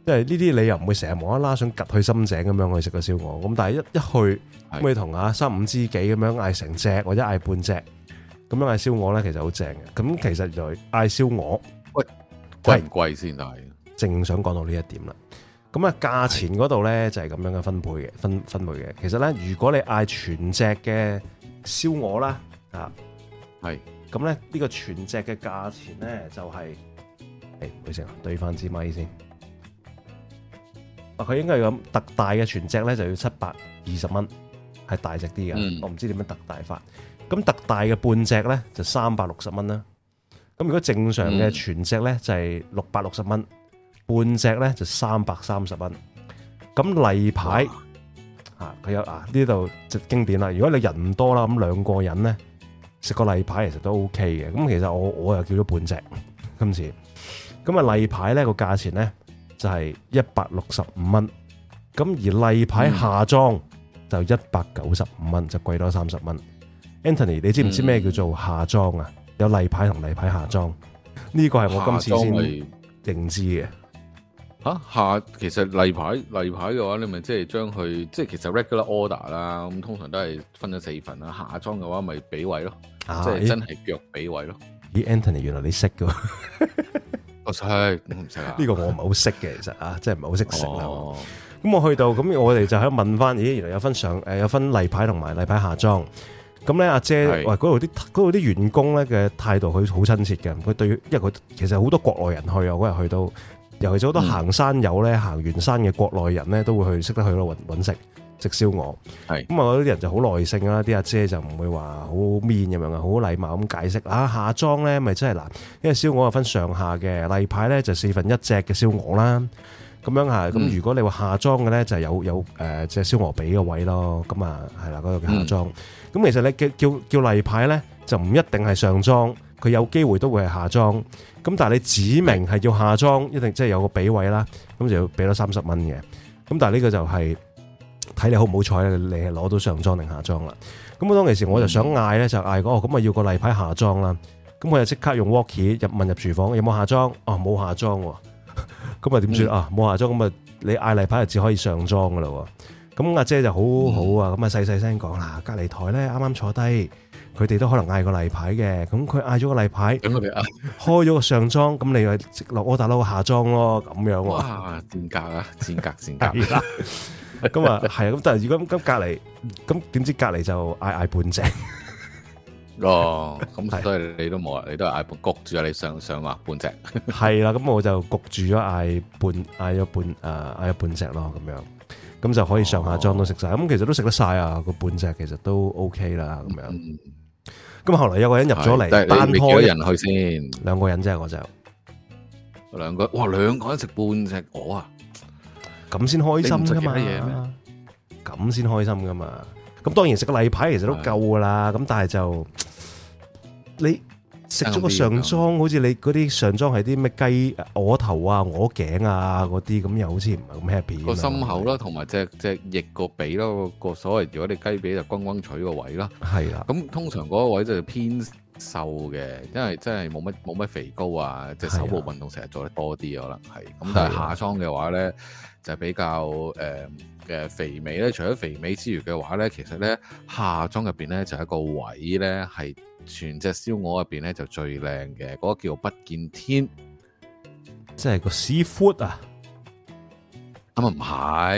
因為呢啲你又唔會成日無啦啦想趷去深井咁樣去食個燒鵝。咁但係一一去可以同啊三五知己咁樣嗌成隻，或者嗌半隻，咁樣嗌燒鵝咧其實好正嘅。咁其實就嗌燒鵝，喂、欸，是貴唔貴先？正想講到呢一點啦。咁啊，價錢嗰度咧就係咁樣嘅分配嘅，分分配嘅。其實咧，如果你嗌全隻嘅燒鵝啦，啊是，係，咁咧呢個全隻嘅價錢咧就係、是，誒、哎，李成啊，對翻支咪先。啊，佢應該係咁特大嘅全隻咧就要七百二十蚊，係大隻啲嘅，嗯、我唔知點樣特大法。咁特大嘅半隻咧就三百六十蚊啦。咁如果正常嘅全隻咧就係六百六十蚊。半隻咧就三百三十蚊，咁例牌哇啊，佢有啊呢度就經典啦。如果你人唔多啦，咁兩個人咧食個例牌其實都 OK 嘅。咁其實我我又叫咗半隻今次，咁啊例牌咧個價錢咧就係一百六十五蚊，咁而例牌下裝就一百九十五蚊，就貴多三十蚊。嗯、Anthony，你知唔知咩叫做下裝啊？嗯、有例牌同例牌下裝，呢、這個係我今次先認知嘅。啊、下其實例牌例牌嘅話你，你咪即係將佢即係其實 regular order 啦，咁通常都係分咗四份啦。下裝嘅話咪俾位咯，啊、即係真係腳俾位咯。咦、啊、Anthony 原來你識㗎，我識我唔識啊。呢個我唔係好識嘅，其實啊，真係唔係好識食。咁、哦、我去到咁，我哋就喺度問翻，咦，原來有分上誒、呃、有分例牌同埋例牌下裝。咁咧阿姐，的喂，嗰度啲嗰度啲員工咧嘅態度佢好親切嘅，佢對，因為佢其實好多國內人去啊，我嗰日去到。尤其是好多行山友咧，行完山嘅國內人咧，都會去識得去咯，揾揾食，食燒鵝。係咁啊！嗰啲人就好耐性啦，啲阿姐就唔會話好面咁樣啊，好禮貌咁解釋。啊，下裝咧，咪真係嗱，因為燒鵝係分上下嘅，例牌咧就四分一隻嘅燒鵝啦。咁樣啊，咁如果你話下裝嘅咧，就係有有誒即係燒鵝髀嘅位咯。咁啊，係啦，嗰度叫下裝。咁其實你叫叫叫例牌咧，就唔一定係上裝，佢有機會都會係下裝。咁但係你指明係要下裝，一定即係有個比位啦，咁就要俾多三十蚊嘅。咁但係呢個就係睇你好唔好彩啦，你係攞到上裝定下裝啦。咁我當其時我就想嗌咧，就嗌講哦，咁啊要個例牌下裝啦。咁我就即刻用 walkie 入問入廚房有冇下裝，哦冇下裝。咁啊點算啊冇下裝，咁啊你嗌例牌就只可以上裝噶啦。咁阿姐就好好啊，咁啊細細聲講啦，隔離台咧啱啱坐低。佢哋都可能嗌個例牌嘅，咁佢嗌咗個例牌，咁佢哋啊開咗個上莊，咁你又直落我大佬下莊咯，咁樣哇，賤格啊，賤格，賤格啦，咁啊係啊，咁但係如果咁咁隔籬咁點知隔籬就嗌嗌半隻，哦，咁所以你都冇啊，你都係嗌焗住啊，你上上畫半隻，係啦，咁我就焗住咗嗌半嗌咗半啊嗌咗半隻咯，咁樣，咁就可以上下莊都食晒，咁其實都食得晒啊，個半隻其實都 OK 啦，咁樣。咁後來有個人入咗嚟，單拖，人去先，兩個人啫，我就。兩個，哇，兩個人食半隻鵝啊，咁先開心噶嘛。咁先開心噶嘛，咁當然食個例牌其實都夠噶啦，咁但係就你食咗個上裝，好似你嗰啲上裝係啲咩雞鵝頭啊、鵝頸啊嗰啲，咁又好似唔係咁 happy 個心口啦，同埋隻隻翼個髀咯，個所謂轟轟，如果你雞髀就轟轟取個位啦，係啦，咁通常嗰位就偏。瘦嘅，因為真係冇乜冇乜肥高啊！只、即係、手部運動成日做得多啲，啊、可能係。咁但係下莊嘅話咧，的就比較誒嘅、呃呃、肥美咧。除咗肥美之餘嘅話咧，其實咧下莊入邊咧就係一個位咧係全隻燒鵝入邊咧就最靚嘅，嗰、那個叫不見天，即係個屎忽啊！咁啊唔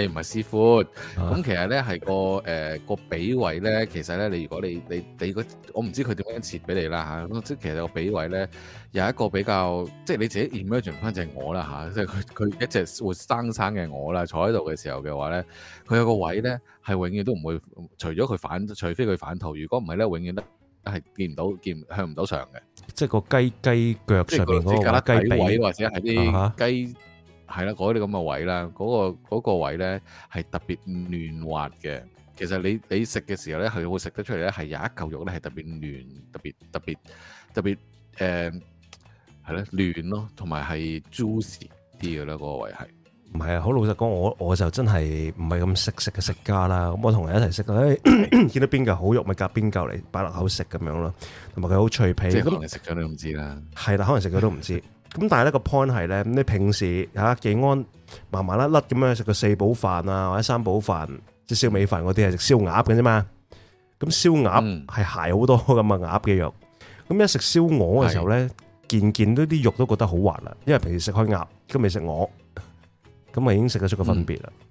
係唔係師傅，咁其實咧係個誒、呃、個比位咧，其實咧你，你，你如果你你你個我唔知佢點樣切俾你啦嚇，咁即係其實個比位咧有一個比較，即係你自己 imagine 翻隻鵝啦嚇，即係佢佢一隻會生生嘅我啦，坐喺度嘅時候嘅話咧，佢有個位咧係永遠都唔會，除咗佢反，除非佢反逃，如果唔係咧，永遠都係見唔到見向唔到上嘅，即係個雞雞腳上面嗰個雞髀或者係啲雞。啊係啦，嗰啲咁嘅位啦，嗰、嗰個、嗰個位咧係特別嫩滑嘅。其實你你食嘅時候咧，係會食得出嚟咧，係有一嚿肉咧係特別嫩，特別特別特別誒，係、呃、咧嫩咯，同埋係 juicy 啲嘅啦。嗰、嗰個位係，唔係啊，好老實講，我我就真係唔係咁識食嘅食家啦。咁我同人一齊食咧，見、哎、 <coughs> 到邊嚿好肉咪夾邊嚿嚟擺落口食咁樣咯，同埋佢好脆皮，即係可能食咗都唔知啦。係啦，可能食咗都唔知。 <laughs> 咁但係呢個 point 係咧，咁你平時吓幾、啊、安麻麻甩甩咁樣食個四寶飯啊，或者三寶飯，即係燒味飯嗰啲係食燒鴨嘅啫嘛。咁燒鴨係嚡好多咁啊鴨嘅肉。咁一食燒鵝嘅時候咧，件件都啲肉都覺得好滑啦。因為平時食開鴨，今日食鵝，咁咪已經食得出個分別啦。嗯。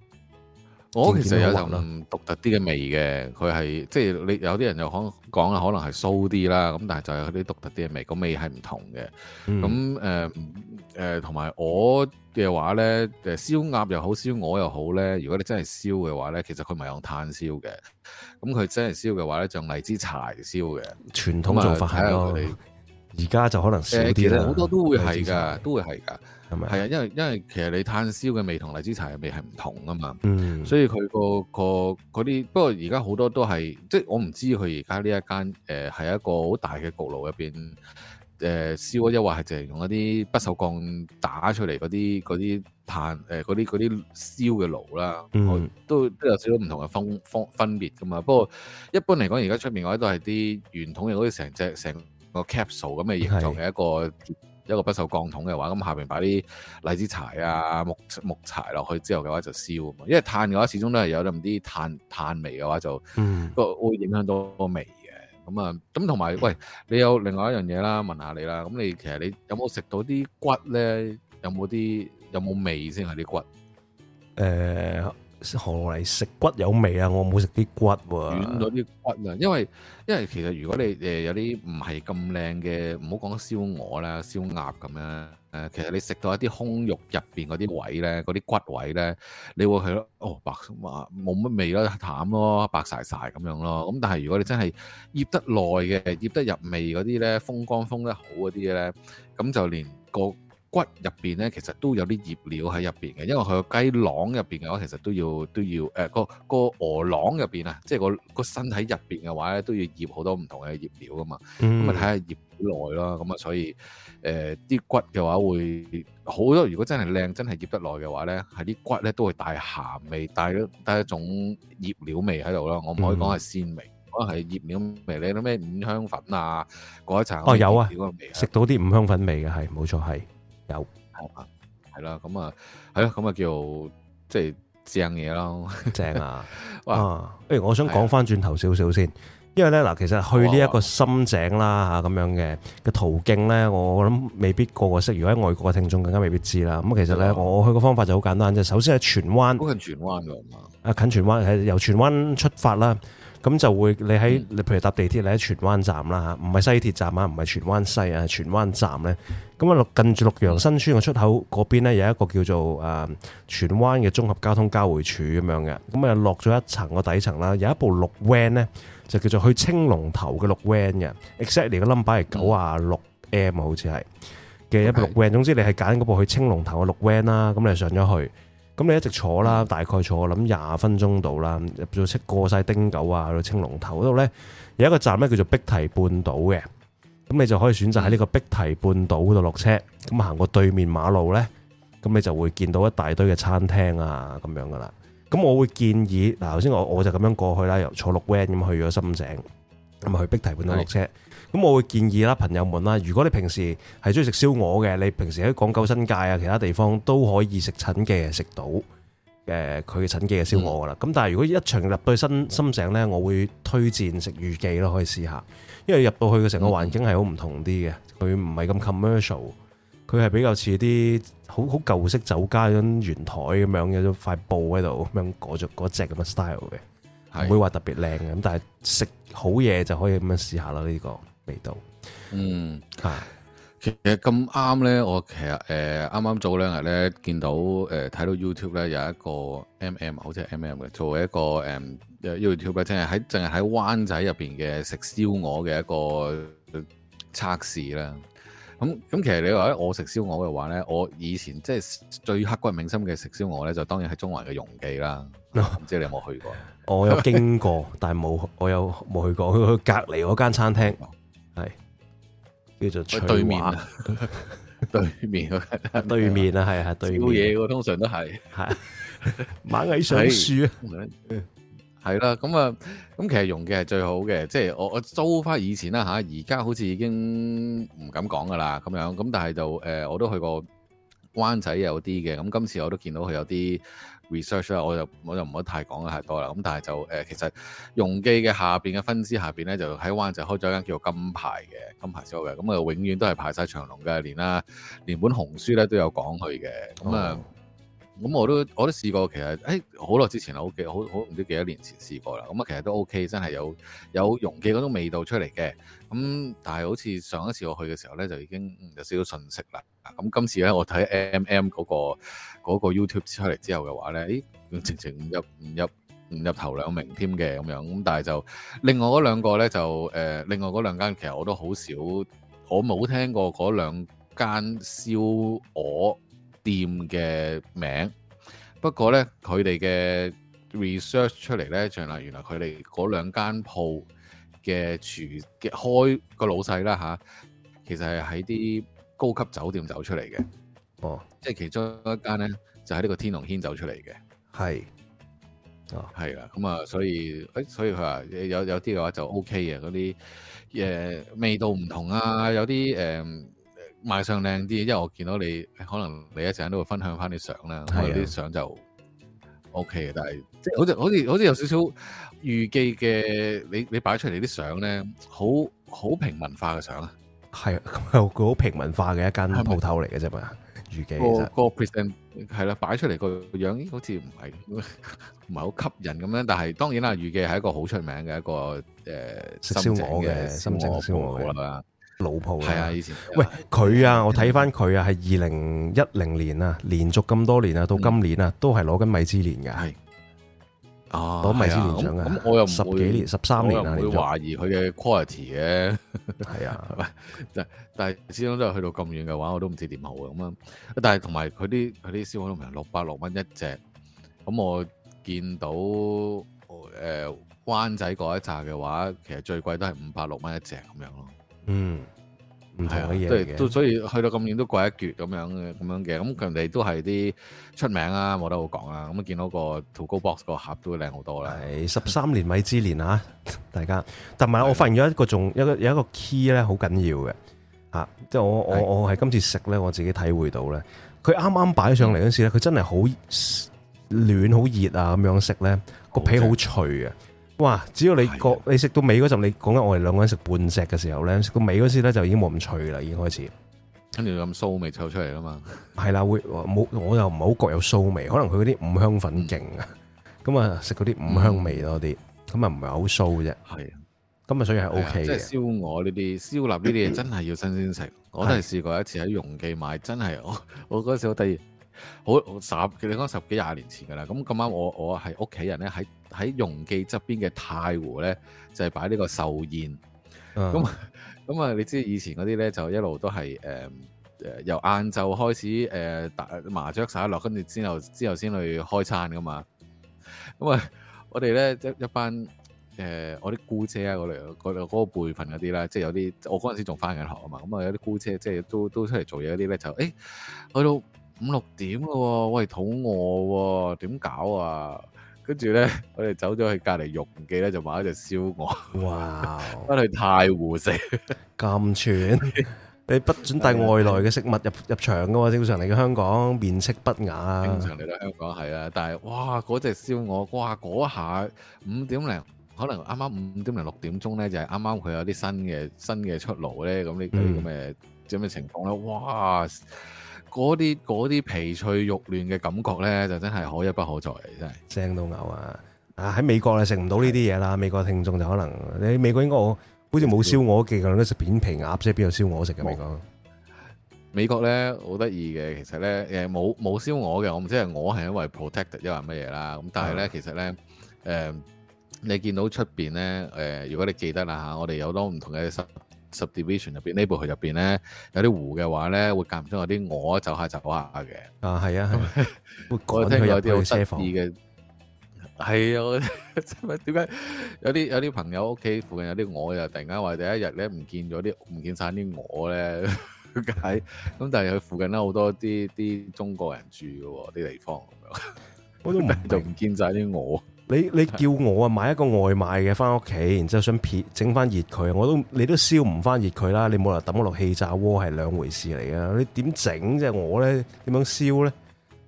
我其實有種能獨特啲嘅味嘅，佢係即係你有啲人又可能講啊，可能係酥啲啦，咁但係就係嗰啲獨特啲嘅味，個味係唔同嘅。咁誒誒，同埋我嘅話咧，誒燒鴨又好，燒鵝又好咧，如果你真係燒嘅話咧，其實佢唔係用炭燒嘅，咁佢真係燒嘅話咧，用荔枝柴燒嘅傳統做法係咯。而家就可能少啲咧。其實好多都會係㗎，對都會係㗎。係咪？係啊，因為因為其實你炭燒嘅味同荔枝柴嘅味係唔同噶嘛，嗯、所以佢個個嗰啲，不過而家好多都係即係我唔知佢而家呢一間誒係一個好大嘅焗爐入邊誒燒啊，抑或係淨係用一啲不鏽鋼打出嚟嗰啲啲炭誒嗰啲啲燒嘅爐啦，嗯、都都有少少唔同嘅分分分別噶嘛。不過一般嚟講，而家出面嗰啲都係啲圓筒嘅，好似成隻成個 capsule 咁嘅形狀嘅一個。一個不鏽鋼桶嘅話，咁下邊擺啲荔枝柴啊、木木柴落去之後嘅話就燒，因為炭嘅話始終都係有咁啲炭炭味嘅話就，就會影響到個味嘅。咁啊、嗯，咁同埋喂，你有另外一樣嘢啦，問下你啦。咁你其實你有冇食到啲骨咧？有冇啲有冇味先係啲骨？誒、呃。何嚟食骨有味啊？我冇食啲骨喎，軟咗啲骨啊！因為因為其實如果你誒有啲唔係咁靚嘅，唔好講燒鵝啦、燒鴨咁樣啦。誒，其實你食到一啲胸肉入邊嗰啲位咧，嗰啲骨位咧，你會係咯，哦白色嘛，冇乜味咯，淡咯，白曬曬咁樣咯。咁但係如果你真係醃得耐嘅，醃得入味嗰啲咧，風乾風得好嗰啲咧，咁就連個骨入邊咧，其實都有啲醃料喺入邊嘅，因為佢個雞籠入邊嘅話，其實都要都要誒、呃、個個鵝籠入邊啊，即係個個身體入邊嘅話咧，都要醃好多唔同嘅醃料噶嘛。咁啊睇下醃幾耐咯，咁啊所以誒啲、呃、骨嘅話會好多。如果真係靚，真係醃得耐嘅話咧，係啲骨咧都會帶鹹味，帶咗帶一種醃料味喺度咯。我唔可以講係鮮味，可能係醃料味咧，你咩五香粉啊嗰一層哦有啊，食到啲五香粉味嘅係冇錯係。有係啦，咁、哦、啊，係、嗯、啦，咁啊，叫做即係正嘢咯，正、嗯、啊！哇、嗯，不、嗯、如、嗯嗯嗯、我想講翻轉頭少少先，因為咧嗱，其實去呢一個深井啦吓咁樣嘅嘅途徑咧，我諗未必過個個識，如果喺外國嘅聽眾更加未必知啦。咁其實咧，我去個方法就好簡單，即係首先喺荃灣，近，荃灣近荃灣噶嘛，啊，近荃灣，由荃灣出發啦，咁就會你喺，你譬如搭地鐵，你喺荃灣站啦吓，唔係西鐵站啊，唔係荃灣西啊，荃灣站咧。咁啊，近住綠楊新村個出口嗰邊咧，有一個叫做誒荃灣嘅綜合交通交匯處咁樣嘅。咁啊，落咗一層個底層啦，有一部綠 van 咧，就叫做去青龍頭嘅綠 van 嘅。exactly 個 number 係九啊六 M 啊，好似係嘅一部綠 van。總之你係揀嗰部去青龍頭嘅綠 van 啦。咁你上咗去，咁你一直坐啦，大概坐我諗廿分鐘到啦，就出過曬汀九啊，去到青龍頭嗰度咧，有一個站咧叫做碧堤半島嘅。咁你就可以選擇喺呢個碧堤半島嗰度落車，咁行過對面馬路呢，咁你就會見到一大堆嘅餐廳啊，咁樣噶啦。咁我會建議，嗱，頭先我我就咁樣過去啦，由坐六 van 咁去咗深井，咁去碧堤半島落車。咁的我會建議啦，朋友們啦，如果你平時係中意食燒鵝嘅，你平時喺廣九新界啊，其他地方都可以食陳嘅食到。誒佢嘅陳記嘅燒鵝㗎啦，咁、嗯、但係如果一場入到新深井咧，嗯、我會推薦食裕記咯，可以試下，因為入到去嘅成個環境係好唔同啲嘅，佢唔係咁 commercial，佢係比較似啲好好舊式酒家咁圓台咁樣有一塊布喺度咁樣攞著嗰隻咁嘅 style 嘅，唔是 會話特別靚嘅，咁但係食好嘢就可以咁樣試下啦呢、呢個味道，嗯，係。其實咁啱咧，我其實啱啱早兩日咧見到、呃、睇到 YouTube 咧有一個 MM，好似係 MM 嘅，作為一個、嗯、YouTube 淨係喺淨係喺灣仔入邊嘅食燒鵝嘅一個測試啦。咁咁、嗯、其實你話我食燒鵝嘅話咧，我以前即係最刻骨銘心嘅食燒鵝咧，就當然係中環嘅鏞記啦。唔 <laughs> 知你有冇去過？ <laughs> <laughs> 我有經過，但係冇我有冇去過佢隔離嗰間餐廳 <laughs> 叫做對面啊！對面啊！對面啊！係係對面、啊。冇嘢、啊、通常都係係。螞蟻 <laughs> 上樹啊！係啦，咁啊，咁其實用嘅係最好嘅，即係我我租翻以前啦嚇，而家好似已經唔敢講噶啦咁樣，咁但係就誒我都去過灣仔有啲嘅，咁今次我都見到佢有啲。research 我就我就唔好太講太多啦。咁但係就、呃、其實裕記嘅下面嘅分支下面咧，就喺灣仔就開咗間叫做金牌嘅金牌燒嘅。咁啊，永遠都係排晒長龍嘅，連啦，連本紅書咧都有講佢嘅。咁啊，咁、哦、我都我都試過，其實誒好耐之前啦，好好好唔知幾多年前試過啦。咁啊，其實都 OK，真係有有裕記嗰種味道出嚟嘅。咁但係好似上一次我去嘅時候咧，就已經有少少褪色啦。咁今次咧，我睇 M M 嗰、那個。嗰個 YouTube 出嚟之後嘅話咧，咦，直情唔入唔入唔入，入頭兩名添嘅咁樣，咁但係就另外嗰兩個咧就誒，另外嗰兩間、呃、其實我都好少，我冇聽過嗰兩間燒鵝店嘅名。不過咧，佢哋嘅 research 出嚟咧，就係原來佢哋嗰兩間鋪嘅廚嘅開個老細啦嚇，其實係喺啲高級酒店走出嚟嘅。哦，即係其中一間咧，就喺、是、呢個天龍軒走出嚟嘅，係，啊係啦，咁啊、嗯，所以誒，所以佢話有有啲嘅話就 OK 嘅，嗰啲誒味道唔同啊，有啲誒、呃、賣相靚啲，因為我見到你可能你一陣都會分享翻啲相啦，我啲相就 OK 嘅，但係即係好似好似好似有少少預計嘅，你你擺出嚟啲相咧，好好平民化嘅相啊，係啊，咁佢好平民化嘅一間鋪頭嚟嘅啫嘛。其實個個 percent 係、er，啦，擺出嚟個個樣咦，好似唔係唔係好吸引咁樣。但係當然啦，裕記係一個好出名嘅一個誒、呃、食燒鵝嘅深井燒鵝啦，的老鋪。係啊，以前喂佢啊，我睇翻佢啊，係二零一零年啊，連續咁多年啊，到今年啊，嗯、都係攞緊米芝蓮㗎。啊，攞咪先聯咁我又唔幾年。十三年唔、啊、會懷疑佢嘅 quality 嘅，係啊， <laughs> 但但係始終都係去到咁遠嘅話，我都唔知點好咁啊，但係同埋佢啲佢啲燒烤都平，六百六蚊一隻，咁我見到誒灣、呃、仔嗰一扎嘅話，其實最貴都係五百六蚊一隻咁樣咯，嗯。唔同嘅嘢都所以去到咁遠都貴一橛咁樣嘅，咁樣嘅，咁佢哋都係啲出名啊，冇得好講啊，咁見到個 Togo box 個盒都會靚好多啦。係十三年米之年啊， <laughs> 大家，但埋對 我發現咗一個仲一個有一個 key 咧，好緊要嘅嚇，即係我我我係今次食咧，我自己體會到咧，佢啱啱擺上嚟嗰時咧，佢真係好暖，好熱啊，咁樣食咧，個皮好脆啊。哇！只要你覺得你食到尾嗰陣，你講緊我哋兩個人食半隻嘅時候咧，食到尾嗰時咧就已經冇咁脆啦，已經開始。跟住咁酥味透出嚟啦嘛。係啦，會冇我又唔係好覺有酥味，可能佢嗰啲五香粉勁啊。咁啊、嗯，食嗰啲五香味多啲，咁啊唔係好酥啫。係咁啊，所以係 O K 即係燒鵝呢啲、燒臘呢啲嘢，真係要新鮮食。嗯、我都係試過一次喺裕記買，真係我我嗰時我第二好十，你講十幾廿年前噶啦。咁咁啱，我我係屋企人咧喺。喺容記側邊嘅太湖咧，就係、是、擺呢個壽宴。咁咁啊，你知道以前嗰啲咧，就一路都係誒誒，由晏晝開始誒、呃、打麻雀曬落，跟住之後之後先去開餐噶嘛。咁、呃、啊，我哋咧一一班誒我啲姑姐啊嗰類嗰類嗰個輩份嗰啲啦，即係有啲我嗰陣時仲返緊學啊嘛。咁啊，有啲姑姐即係都都出嚟做嘢嗰啲咧，就誒去到五六點咯，喂肚餓喎，點搞啊？跟住咧，我哋走咗去隔離裕記咧，就買咗隻燒鵝。哇 Wow,！翻去太湖食咁串， <laughs> 你不准帶外來嘅食物入的入場噶嘛？正常嚟嘅香港面色不雅。正常嚟到香港係啊，但係哇，嗰隻燒鵝，哇嗰下五點零，可能啱啱五點零六點鐘咧，就係啱啱佢有啲新嘅新嘅出爐咧，咁呢啲咁嘅咁嘅情況咧，哇！嗰啲啲皮脆肉嫩嘅感覺咧，就真係可一不可再，真係。正到牛啊！啊喺美國你食唔到呢啲嘢啦，的美國聽眾就可能你美國應該我好似冇燒鵝嘅，咁樣都食扁皮鴨，即係邊有燒鵝食嘅美國？美國咧好得意嘅，其實咧誒冇冇燒鵝嘅，我唔知係我係因為 protected 乜嘢啦。咁但係咧的其實咧誒、呃，你見到出邊咧誒，如果你記得啦嚇，我哋有好多唔同嘅。Subdivision 入邊 l 部 v 佢入邊咧有啲湖嘅話咧，會間唔中有啲鵝走下走下嘅。啊，係啊，啊 <laughs> <laughs> 我聽過有啲好失意嘅。係啊，即係點解有啲有啲朋友屋企附近有啲鵝，又突然間話第一日咧唔見咗啲唔見晒啲鵝咧？解 <laughs> 咁但係佢附近咧好多啲啲中國人住嘅喎啲地方咁樣，我都唔就唔見晒啲鵝。你你叫我啊買一個外賣嘅，翻屋企，然之後想撇整翻熱佢，我都你都燒唔翻熱佢啦，你冇人抌我落氣炸鍋係兩回事嚟啊！你點整即係我咧？點樣燒咧？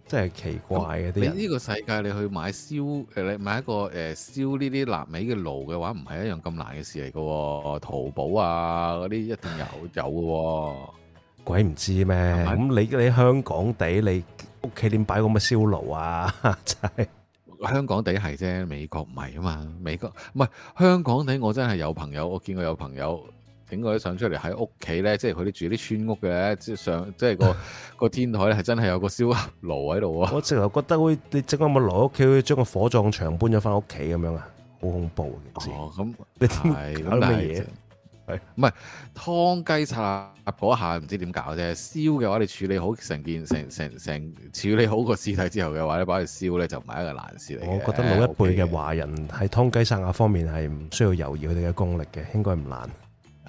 真係奇怪嘅啲人。呢個世界你去買燒誒，你買一個誒燒呢啲臘味嘅爐嘅話，唔係一樣咁難嘅事嚟噶。淘寶啊嗰啲一定有有嘅。鬼唔知咩？咁你你喺香港地，你屋企點擺咁嘅燒爐啊？真係。香港地係啫，美國唔係啊嘛。美國唔係香港地，我真係有朋友，我見過有朋友影嗰啲相出嚟喺屋企咧，即係佢啲住啲村屋嘅即係上即係、個個 <laughs> 天台咧，係真係有個燒鴨爐喺度啊！我直頭覺得會，你整個冇爐屋企，會將個火葬場搬咗翻屋企咁樣啊，好恐怖啊！哦，咁你整緊啲咩嘢？唔係湯雞殺鴨下，唔知點搞啫。燒嘅話，你處理好成件成成成處理好個屍體之後嘅話，你把佢燒呢就唔係一個難事嚟。我覺得老一輩嘅華人喺湯雞殺鴨方面係唔需要猶豫佢哋嘅功力嘅，應該唔難。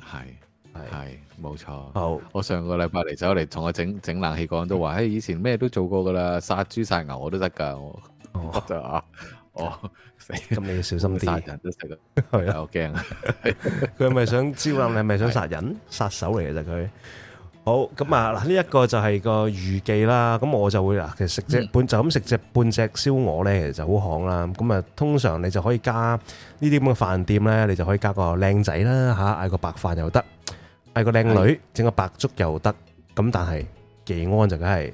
係係冇錯。好，我上個禮拜嚟走嚟同我整整冷氣，個人都話，嘿，以前咩都做過噶啦，殺豬殺牛我都得噶。我哦，就啊。哦，咁你要小心啲，殺人都死咯，係啊，我驚啊。佢係咪想招攬？你係咪想殺人？殺手嚟嘅就佢好咁啊。嗱，呢一個就係個裕記啦。咁我就會嗱，其實食隻半就咁食隻半隻燒鵝咧，其實就好好啦。咁啊，通常你就可以加呢啲咁嘅飯店咧，你就可以加個靚仔啦吓，嗌個白飯又得，嗌個靚女整個白粥又得。咁但係技安就梗係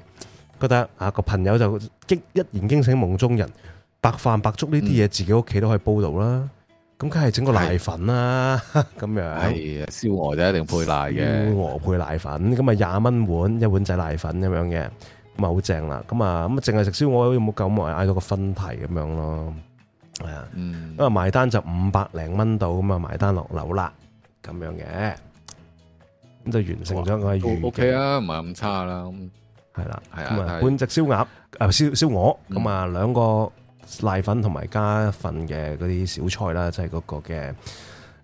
覺得啊個朋友就激一言驚醒夢中人。白飯白粥，呢啲嘢自己屋企都可以煲到啦，咁梗係整個瀨粉啦，咁樣係燒鵝就一定配瀨嘅，鵝配瀨粉，咁啊廿蚊碗一碗仔瀨粉咁樣嘅，咁啊好正啦，咁啊咁淨係食燒鵝有冇夠咁我嗌咗個分題咁樣咯，係啊，咁啊埋單就五百零蚊度，咁啊埋單落樓啦，咁樣嘅，咁就完成咗個預 O K 啦，唔係咁差啦，係啦，係啊，半隻燒鴨啊燒燒鵝，咁啊兩個。瀨粉同埋加一份嘅嗰啲小菜啦，即係嗰個嘅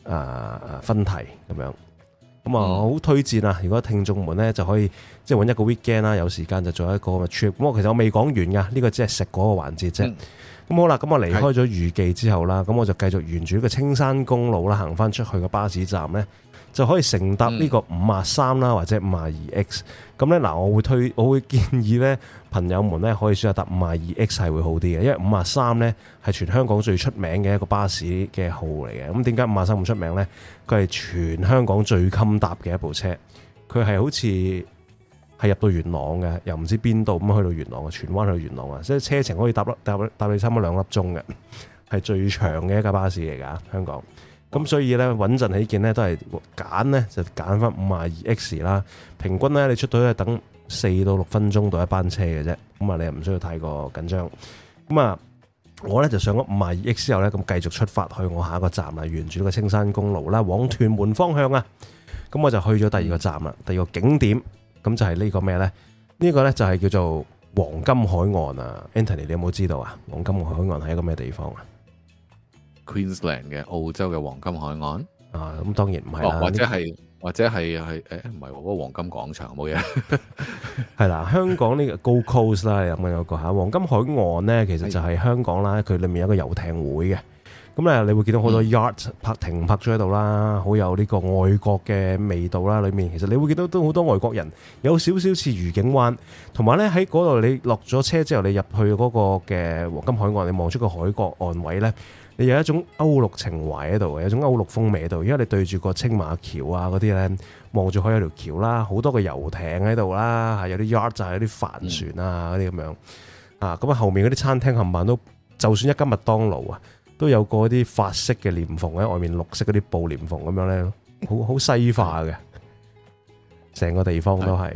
啊、呃、分題咁樣，咁啊好推薦啊！如果聽眾們呢，就可以即係揾一個 weekend 啦，有時間就做一個 trip。咁我其實我未講完噶，呢、這個只係食嗰個環節啫。咁、嗯、好啦，咁我離開咗裕記之後啦，咁是我就繼續沿住呢個青山公路啦，行翻出去個巴士站呢，就可以乘搭呢個五啊三啦或者五啊二 X。咁呢，嗱，我會推我會建議呢。朋友們咧可以選擇搭五廿二 X 係會好啲嘅，因為五廿三咧係全香港最出名嘅一個巴士嘅號嚟嘅。咁點解五廿三唔出名呢？佢係全香港最襟搭嘅一部車，佢係好似係入到元朗嘅，又唔知邊度咁去到元朗啊，荃灣去到元朗啊，即係車程可以搭搭搭你差唔多兩粒鐘嘅，係最長嘅一架巴士嚟㗎。香港咁所以咧穩陣起見呢都係揀呢，就揀返五廿二 X 啦，平均呢，你出到去等。四到六分鐘到一班車嘅啫，咁啊你又唔需要太過緊張。咁啊，我咧就上咗五廿二億之後咧，咁繼續出發去我下一個站啦，沿住呢個青山公路啦，往屯門方向啊。咁我就去咗第二個站啦，嗯、第二個景點，咁就係呢、呢個咩咧？呢個咧就係叫做黃金海岸啊，Anthony，你有冇知道啊？黃金海岸係一個咩地方啊？Queensland 嘅澳洲嘅黃金海岸啊，咁當然唔係啦，或者係。或者係，係，誒唔係喎，嗰個黃金廣場，冇嘢，係啦 <laughs> 香港呢個 Gold Coast 啦，有冇有個嚇黃金海岸呢？其實就係香港啦，佢裏的面有一個遊艇會嘅，咁咧你會見到好多 yacht 泊停泊咗喺度啦，好、嗯、有呢個外國嘅味道啦。裏面其實你會見到都好多外國人，有少少似愉景灣，同埋呢，喺嗰度你落咗車之後，你入去嗰個嘅黃金海岸，你望出個海角岸位呢。你有一種歐陸情懷喺度，有種歐陸風味喺度，因為你對住個青馬橋啊嗰啲咧，望住海有條橋啦，好多個遊艇喺度啦，有啲 yacht 就係有啲帆船啊嗰啲咁樣啊，咁啊後面嗰啲餐廳冚唪唥都，就算一間麥當勞啊，都有個啲法式嘅簾縫喺外面綠色嗰啲布簾縫咁樣咧，好好西化嘅，成個地方都係。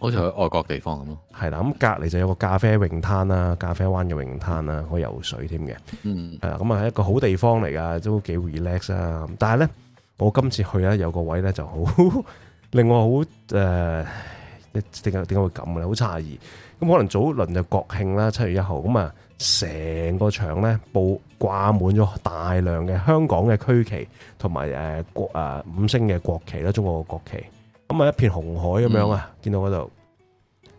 好似去外國地方咁咯，係啦。咁隔離就有個咖啡泳灘啦，咖啡灣嘅泳灘啦，可以游水添嘅。嗯，係啦。咁啊，係一個好地方嚟噶，都幾 relax 啊。但係咧，我今次去咧有個位咧就好，令我好誒，點解點解會咁嘅咧？好詫異。咁可能早一輪就國慶啦，七月一號咁啊，成個場咧佈掛滿咗大量嘅香港嘅區旗同埋誒國誒五星嘅國旗啦，中國嘅國旗。咁啊一片紅海咁樣啊，嗯、見到嗰度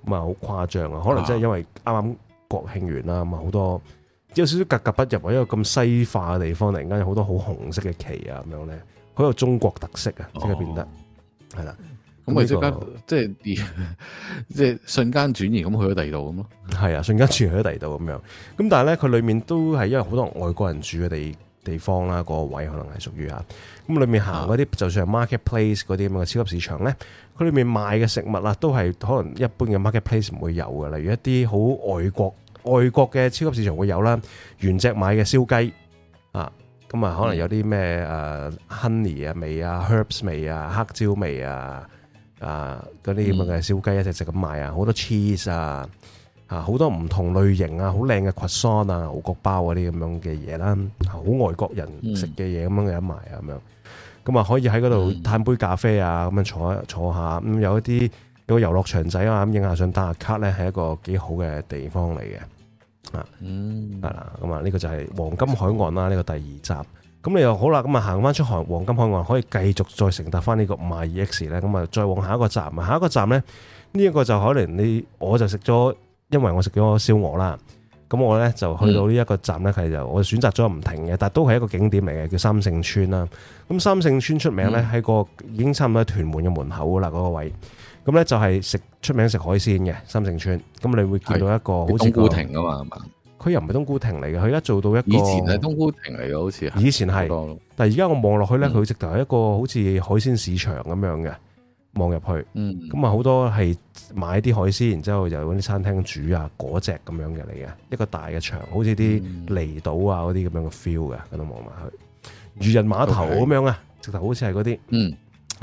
咁啊，好誇張啊，可能真係因為啱啱國慶完啊，咁啊好多，有少少格格不入，一個咁西化嘅地方突然間有好多好紅色嘅旗啊咁樣咧，好有中國特色啊，哦這個，即係變得係啦，咁咪即刻即係即係瞬間轉移咁去咗第二度咁咯，係啊，瞬間轉移去咗第二度咁樣，咁但係咧佢裏面都係因為好多外國人住嘅地。地方啦，嗰、嗰個位可能係屬於嚇，咁裏面行嗰啲、啊、就算係 marketplace 嗰啲咁嘅超級市場咧，佢裏面賣嘅食物啊，都係可能一般嘅 marketplace 唔會有嘅，例如一啲好外國外國嘅超級市場會有啦，原隻買嘅燒雞、嗯、啊，咁啊可能有啲咩誒 honey 啊、味啊 herbs 味、啊黑椒味啊，啊嗰啲咁嘅燒雞一隻隻咁賣、嗯、很啊，好多 cheese 啊～好多唔同類型啊，好靚嘅鵝桑啊、牛角包嗰啲咁樣嘅嘢啦，好外國人食嘅嘢咁樣嘅一埋啊咁樣，咁啊可以喺嗰度嘆杯咖啡啊，咁樣坐一坐一下，咁有一啲有個遊樂場仔啊，咁影下相、打下卡咧，係一個幾好嘅地方嚟嘅啊，係啦、嗯，咁啊呢個就係黃金海岸啦，呢、呢個第二站，咁你又好啦，咁啊行翻出黃黃金海岸可以繼續再乘搭翻呢個五廿二 X 咧，咁啊再往下一個站，啊，下一個站咧呢一個就可能你我就食咗。因為我食咗燒鵝啦，咁我咧就去到呢一個站咧，佢就我選擇咗唔停嘅，但都係一個景點嚟嘅，叫三聖村啦。咁三聖村出名咧喺個、嗯、已經差唔多屯門嘅門口啦，嗰、那個位。咁咧就係食出名食海鮮嘅三聖村。咁你會見到一個好似古亭㗎嘛，佢又唔係冬菇亭嚟嘅，佢而家做到一個以前係冬菇亭嚟嘅，好似以前係，但係而家我望落去咧，佢直頭係一個好似海鮮市場咁樣嘅。望入去，咁啊好多係買啲海鮮，然之後由啲餐廳煮啊，嗰隻咁樣嘅嚟嘅，一個大嘅場，好似啲離島啊嗰啲咁樣嘅 feel 嘅，咁都望埋去，漁人碼頭咁樣啊，直頭好似係嗰啲，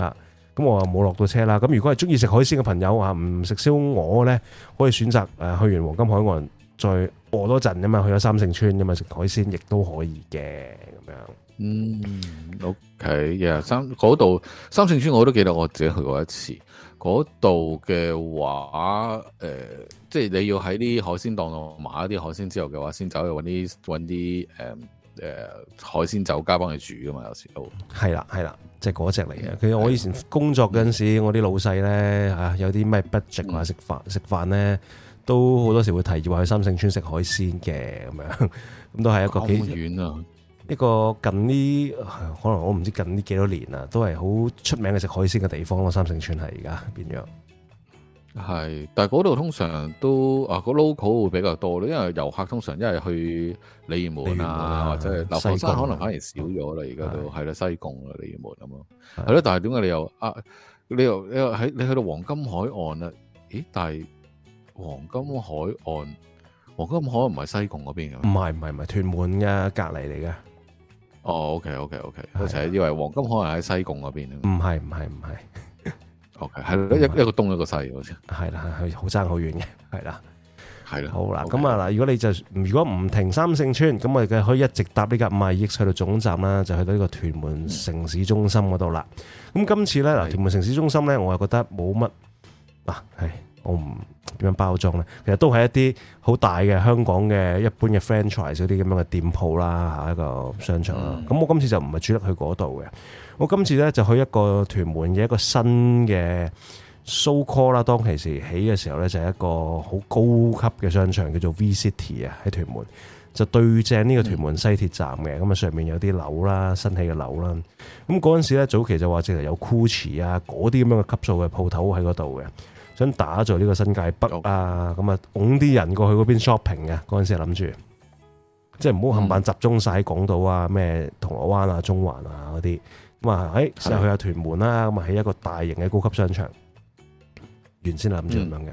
啊，咁我又冇落到車啦。咁如果係中意食海鮮嘅朋友啊，唔食燒鵝呢，可以選擇誒去完黃金海岸再過多陣啊嘛，去咗三聖村啊嘛食海鮮亦都可以嘅，咁樣。嗯，OK，廿、yeah, 三嗰度三聖村我都記得我自己去過一次。嗰度嘅話，誒、呃，即係你要喺啲海鮮檔度買一啲海鮮之後嘅話，先走去揾啲揾啲誒誒海鮮酒家幫你煮噶嘛，有時都係啦係啦，即係嗰隻嚟嘅。其實、就是嗯、我以前工作嗰陣時，嗯、我啲老細咧嚇有啲咩 budget 啊，食飯食飯咧，都好多時會提議話去三聖村食海鮮嘅咁樣，咁都係一個幾遠啊！一個近呢，可能我唔知近呢幾多年啦，都係好出名嘅食海鮮嘅地方咯。三聖村係而家變咗，係，但係嗰度通常都啊、嗰個 local 會比較多咯，因為遊客通常因係去鯉魚門啊，門啊或者係、啊啊、流浮山可能反而少咗啦。而家、啊、都係啦，西貢啊，鯉魚門咁、啊、咯，係咯的。但係點解你又啊？你又你又喺你去到黃金海岸啦？咦？但係黃金海岸黃金海岸唔係西貢嗰邊嘅，唔係唔係唔係，屯門嘅隔離嚟嘅。哦、oh，OK，OK，OK、okay, okay, okay. 啊、我成日以為黃金可能喺西貢嗰邊，唔係，唔係，唔係，OK，係咯，一一個東一個西，好似係啦，係好爭好遠嘅，係啦、啊，係啦、啊，好啦，咁啊嗱，如果你就如果唔停三聖村，咁我哋嘅可以一直搭呢架 52X 去到總站啦，就去到呢個屯門城市中心嗰度啦。咁、嗯、今次咧，嗱屯門城市中心咧，我又覺得冇乜嗱，係、啊。我唔點樣包裝咧，其實都係一啲好大嘅香港嘅一般嘅 franchise 嗰啲咁樣嘅店鋪啦，下一個商場啦。咁我今次就唔係住得去嗰度嘅，我今次咧就去一個屯門嘅一個新嘅 so call 啦。當其時起嘅時候咧，就係、是、一個好高級嘅商場，叫做 V City 啊，喺屯門就對正呢個屯門西鐵站嘅。咁啊、嗯，上面有啲樓啦，新起嘅樓啦。咁嗰陣時咧，早期就話淨係有 Gucci 啊，嗰啲咁樣嘅級數嘅鋪頭喺嗰度嘅。想打造呢個新界北啊，咁啊，拱啲人過去嗰邊 shopping 啊，嗰陣時諗住，即係唔好冚唪唥集中晒港島啊、咩銅鑼灣啊、中環啊嗰啲，咁啊誒成日去下屯門啦、啊，咁啊喺一個大型嘅高級商場，原先諗住咁樣嘅，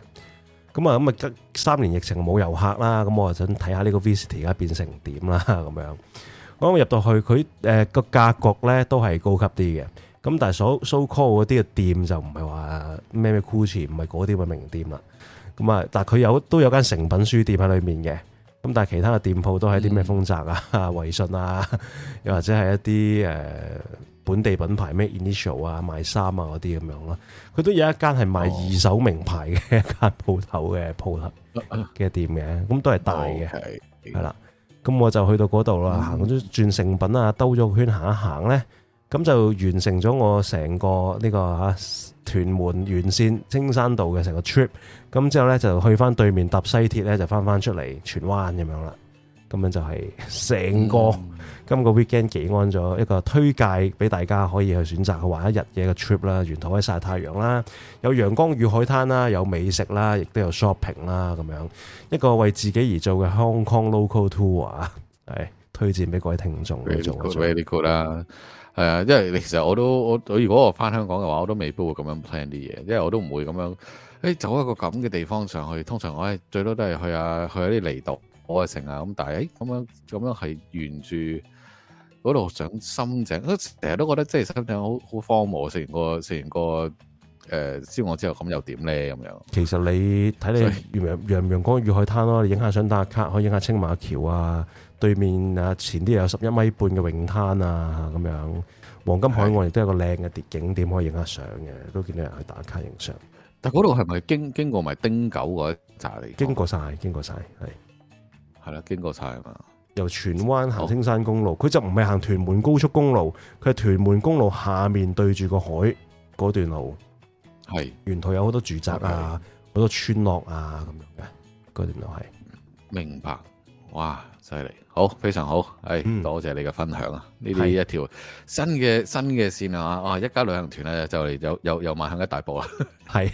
咁啊咁啊三年疫情冇遊客啦，咁我就想睇下呢個 V City 而家變成點啦咁樣，我入到去佢誒個格局咧都係高級啲嘅。咁但係 so so call 嗰啲嘅店就唔係話咩咩 Gucci，唔係嗰啲嘅名店啦。咁啊，但係佢有都有間誠品書店喺裏面嘅。咁但係其他嘅店鋪都係啲咩豐澤啊、衞、嗯啊、信啊，又或者係一啲誒、呃、本地品牌咩 Initial 啊、賣衫啊嗰啲咁樣咯。佢都有一間係賣二手名牌嘅一間鋪頭嘅鋪頭嘅店嘅，咁、哦、 <laughs> 都係大嘅係啦。咁、哦 okay，我就去到嗰度啦，行咗、嗯、轉誠品啊，兜咗個圈行一行咧。咁就完成咗我成個呢、這個嚇、啊、屯門沿線青山道嘅成個 trip，咁之後呢，就去翻對面搭西鐵呢，就翻翻出嚟荃灣咁樣啦，咁樣就係成個今、嗯、個 weekend 幾安咗一個推介俾大家可以去選擇去玩一日嘢嘅 trip 啦，沿途喺曬太陽啦，有陽光與海灘啦，有美食啦，亦都有 shopping 啦，咁樣一個為自己而做嘅 Hong Kong local tour 啊、哎，係推薦俾各位聽眾。Very good 啦～係啊，因為其實我都我如果我翻香港嘅話，我都未必會咁樣 plan 啲嘢，因為我都唔會咁樣，誒、哎、走一個咁嘅地方上去。通常我、哎、最多都係去下、啊、去啲離島，我係成日咁，但係誒咁樣咁樣係沿住嗰度上深井，成日都覺得即係深井好好荒蕪。食完個食完個誒燒鵝之後，咁又點咧咁樣？其實你睇你陽陽以光與海灘咯，你影下相打卡，可以影下青馬橋啊。對面啊，前啲有十一米半嘅泳灘啊，咁樣黃金海岸亦都有個靚嘅景點可以影下相嘅，的都見到人去打卡影相。但嗰度係咪經經過埋丁九嗰一扎嚟？經過晒，經過晒，係係啦，經過晒啊嘛。由荃灣行青山公路，佢、哦、就唔係行屯門高速公路，佢係屯門公路下面對住個海嗰段路，係的沿途有好多住宅啊，好 okay, 多村落啊咁樣嘅嗰段路係明白，哇，犀利！好，非常好，係、哎，多謝，謝你嘅分享啊！呢係、嗯、一條是新嘅新嘅線啊！哇、啊，一家旅行團咧就嚟有有有邁向一大步啦！係是，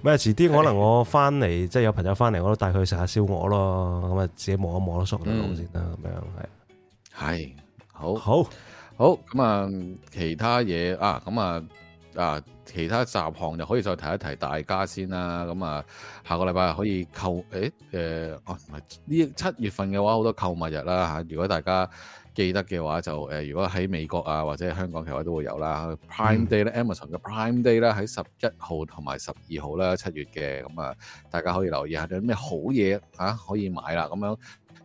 咪遲啲可能我翻嚟，是即係有朋友翻嚟，我都帶佢去食下燒鵝咯，咁啊自己望一望都熟嘅路先啦，咁樣係係，好好好，咁啊其他嘢啊，咁啊～啊，其他雜項就可以再提一提大家先啦。咁啊，下個禮拜可以購，誒、欸，誒、呃，哦、啊，唔係呢七月份嘅話好多購物日啦嚇、啊。如果大家記得嘅話就，就、啊、誒，如果喺美國啊或者香港嘅話都會有啦。Prime Day 咧、嗯、Amazon 嘅 Prime Day 咧喺十一號同埋十二號啦，七月嘅。咁啊，大家可以留意下有啲咩好嘢嚇、啊、可以買啦。咁樣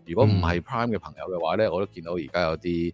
如果唔係 Prime 嘅朋友嘅話咧，我都見到而家有啲。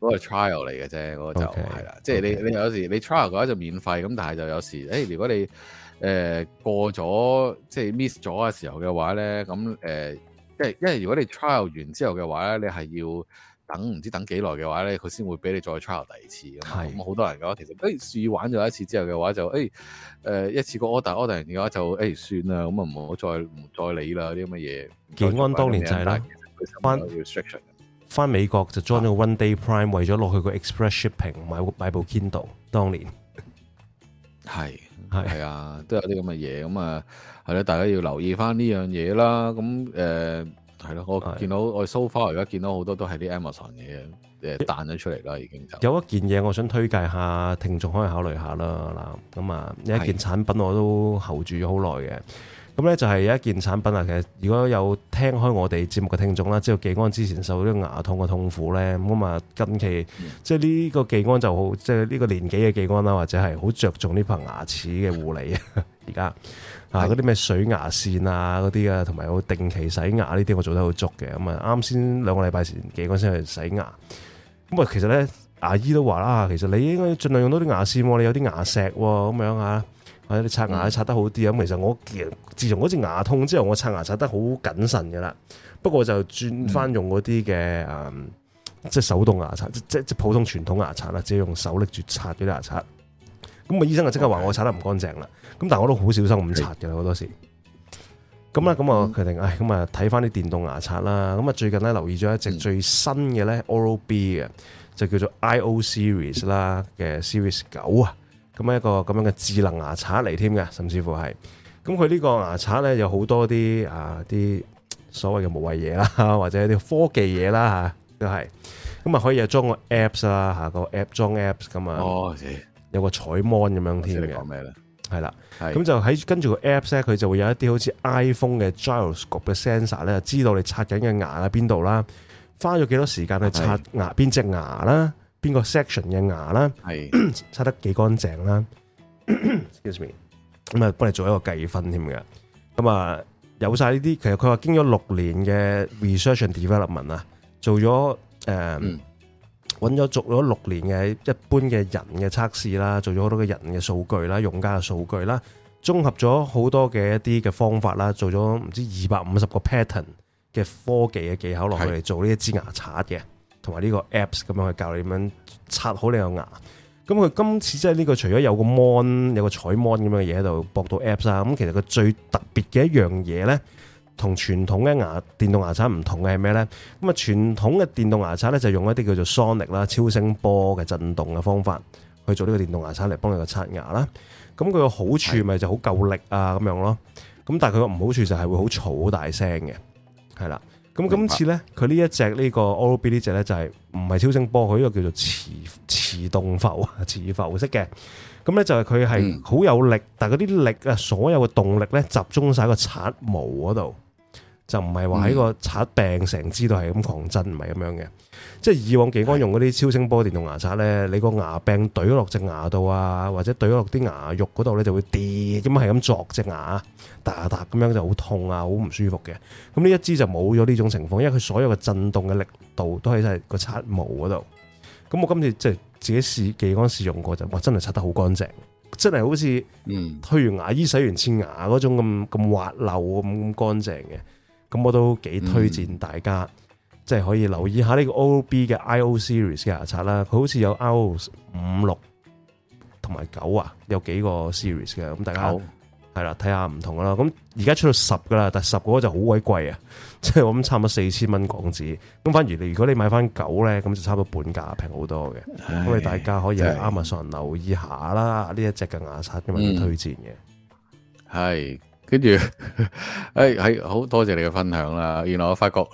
嗰個 trial 嚟嘅啫，嗰個就係啦。即係你你有時你 trial 嘅話就免費，咁但係就有時，誒、哎、如果你誒、呃、過咗即係 miss 咗嘅時候嘅話咧，咁誒，因、呃、為因為如果你 trial 完之後嘅話咧，你係要等唔知等幾耐嘅話咧，佢先會俾你再 trial 第二次。係。咁好多人嘅話，其實誒、哎、試玩咗一次之後嘅話就誒誒、哎呃、一次過 order order 完嘅話就誒、哎、算啦，咁啊唔好再唔再理啦啲咁嘅嘢。健安當年就係啦。翻。關翻美國就裝咗個 One Day Prime，為咗落去個 Express Shipping 買買部 Kindle，當年係係係啊，都有啲咁嘅嘢咁啊，係咯，大家要留意翻呢樣嘢啦。咁誒係咯，我見到的我 so far 而家見到好多都係啲 Amazon 嘢誒彈咗出嚟啦，已經就有一件嘢我想推介下，聽眾可以考慮一下啦。嗱咁啊，一件產品我都候住咗好耐嘅。咁咧就係有一件產品啊，其實如果有聽開我哋節目嘅聽眾啦，知道技安之前受到啲牙痛嘅痛苦咧，咁啊近期、嗯、即係呢個技安就好，即係呢個年紀嘅技安啦，或者係好着重呢棚牙齒嘅護理啊，而家啊嗰啲咩水牙線啊嗰啲啊，同埋好定期洗牙呢啲，我做得好足嘅，咁啊啱先兩個禮拜前技安先去洗牙，咁啊其實咧牙醫都話啦，啊，其實你應該盡量用到啲牙線喎，啊，你有啲牙石喎，啊，咁樣嚇，啊。係，你刷牙刷得好啲咁，其實我自從嗰隻牙痛之後，我刷牙刷得好謹慎嘅啦。不過就轉翻用嗰啲嘅即係手動牙刷，即即普通傳統牙刷啦，即係用手拎住刷嗰啲牙刷。咁啊，醫生就即刻話我刷得唔乾淨啦。咁但係我都好小心咁刷嘅，好多時。咁啦，咁啊決定，唉，咁啊睇翻啲電動牙刷啦。咁啊最近呢留意咗一隻最新嘅咧，Oral B 嘅，就叫做 IO Series 啦嘅 Series 九啊。咁一個咁樣嘅智能牙刷嚟添嘅，甚至乎係咁佢呢個牙刷咧有好多啲啊啲所謂嘅無謂嘢啦，或者啲科技嘢啦、嗯、都係咁啊可以又裝個 apps 啦個 app 裝 apps 咁啊，個 app, app s，哦、有個彩芒咁樣添嘅，係啦，咁了的就喺跟住個 apps 咧，佢就會有一啲好似 iPhone 嘅 gyroscope 嘅 sensor 咧，知道你刷緊嘅牙喺邊度啦，花咗幾多時間去刷牙邊隻的牙啦。邊個 section 嘅牙啦，係是 <coughs> 刷得幾乾淨啦？Excuse me，咁啊，幫你做一個計分添嘅。咁啊，有晒呢啲，其實佢話經咗六年嘅 research and development 啊、嗯嗯，做咗誒，揾咗做咗六年嘅一般嘅人嘅測試啦，做咗好多嘅人嘅數據啦，用家嘅數據啦，綜合咗好多嘅一啲嘅方法啦，做咗唔知二百五十個 pattern 嘅科技嘅技巧落去嚟做呢一支牙刷嘅。同埋呢個 apps 咁樣去教你點樣刷好你個牙，咁佢今次即係呢個除咗有個 mon 有個彩 mon 咁嘅嘢喺度駁到 apps 啊，咁其實佢最特別嘅一樣嘢咧，同傳統嘅牙電動牙刷唔同嘅係咩咧？咁啊傳統嘅電動牙刷咧就用一啲叫做 sonic 啦超聲波嘅震動嘅方法去做呢個電動牙刷嚟幫你個刷牙啦，咁佢個好處咪就好夠力啊咁樣咯，咁但係佢個唔好處就係會好嘈好大聲嘅，係啦。咁今次咧，佢呢一隻呢、這個 Oral-B 呢隻咧，就係唔係超聲波，佢呢個叫做磁磁動浮磁浮式嘅。咁咧就係佢係好有力，嗯、但係嗰啲力啊，所有嘅動力咧集中曬個刷毛嗰度，就唔係話喺個刷柄成支都係咁狂震，唔係咁樣嘅。即係以往技安用嗰啲超聲波電動牙刷咧，你個牙柄懟落隻牙度啊，或者懟落啲牙肉嗰度咧，就會跌咁樣係咁作隻牙，嗒嗒咁樣就好痛啊，好唔舒服嘅。咁呢一支就冇咗呢種情況，因為佢所有嘅震動嘅力度都喺晒個刷毛嗰度。咁我今次即係自己試技安試用過就，哇！真係刷得好乾淨，真係好似推完牙醫洗完黐牙嗰種咁咁滑溜咁乾淨嘅。咁我都幾推薦大家。嗯即係可以留意下呢個 O B 嘅 I O Series 嘅牙刷啦，佢好似有 I O 五六同埋九啊，有幾個 series 嘅，咁大家好，係 9? 啦，睇下唔同啦。咁而家出到十噶啦，但十嗰個就好鬼貴啊，即係我諗差唔多四千蚊港紙。咁反而你如果你買翻九咧，咁就差唔多半價平好多嘅。咁啊的，大家可以 Amazon 上留意下啦，呢一隻嘅牙刷，因為佢推薦嘅。係、嗯，跟住誒係好多謝你嘅分享啦。原來我發覺。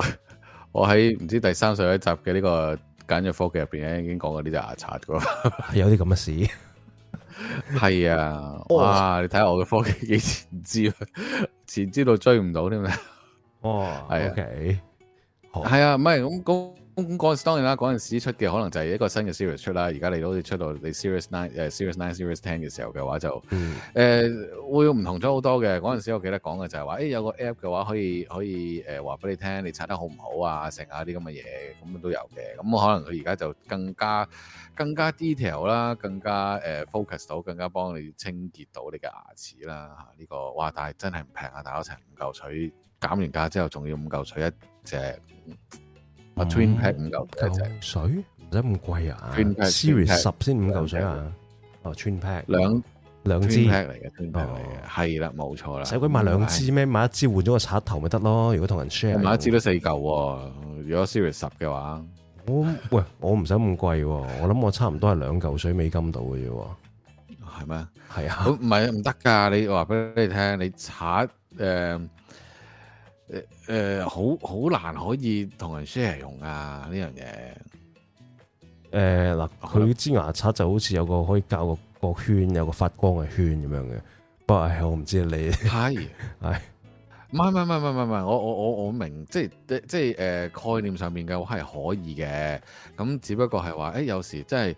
我喺唔知第三十一集嘅呢個簡約科技入邊咧，已經講過呢隻牙刷噶， <laughs> 有啲咁嘅事，係啊，哇！你睇下我嘅科技幾前知啊？前知道追唔到添啊， <laughs> 哦，係啊，係、哦 okay，啊，唔係咁咁。咁嗰陣時當然啦，嗰陣時出嘅可能就係一個新嘅 series 出啦。而家你都好似出到你 series 9、呃、series nine 誒 series nine series ten 嘅時候嘅話就誒、嗯呃、會唔同咗好多嘅。嗰陣時我記得講嘅就係話，誒、欸、有個 app 嘅話可以可以誒話俾你聽，你刷得好唔好啊？剩下啲咁嘅嘢咁都有嘅。咁、嗯、可能佢而家就更加更加 detail 啦，更加誒、呃、focus 到，更加幫你清潔到你嘅牙齒啦。嚇、啊、呢、呢個哇！但係真係唔平啊！大佬，成五嚿水，減完價之後仲要五嚿水一隻。嗯啊 twin pack 五嚿水唔使咁貴啊！Series 十先五嚿水啊！哦 twin pack 兩兩支 pack 嚟嘅 twin 係啦，冇錯啦。使鬼買兩支咩？買一支換咗個刷頭咪得咯。如果同人 share 買一支都四嚿。如果 Series 十嘅話，我喂我唔使咁貴。我諗我差唔多係兩嚿水美金到嘅啫。係咩？係啊，唔係唔得噶。你話俾你聽，你刷。誒。誒誒，好好、呃、難可以同人 share 用啊！呢樣嘢誒，嗱、呃，佢支牙刷就好似有個可以教個個圈，有個發光嘅圈咁樣嘅。不過係，我唔知你係係，唔係唔係唔係唔係唔係，我我我我明，即係即係誒、呃、概念上面嘅話係可以嘅。咁只不過係話，誒有時真係。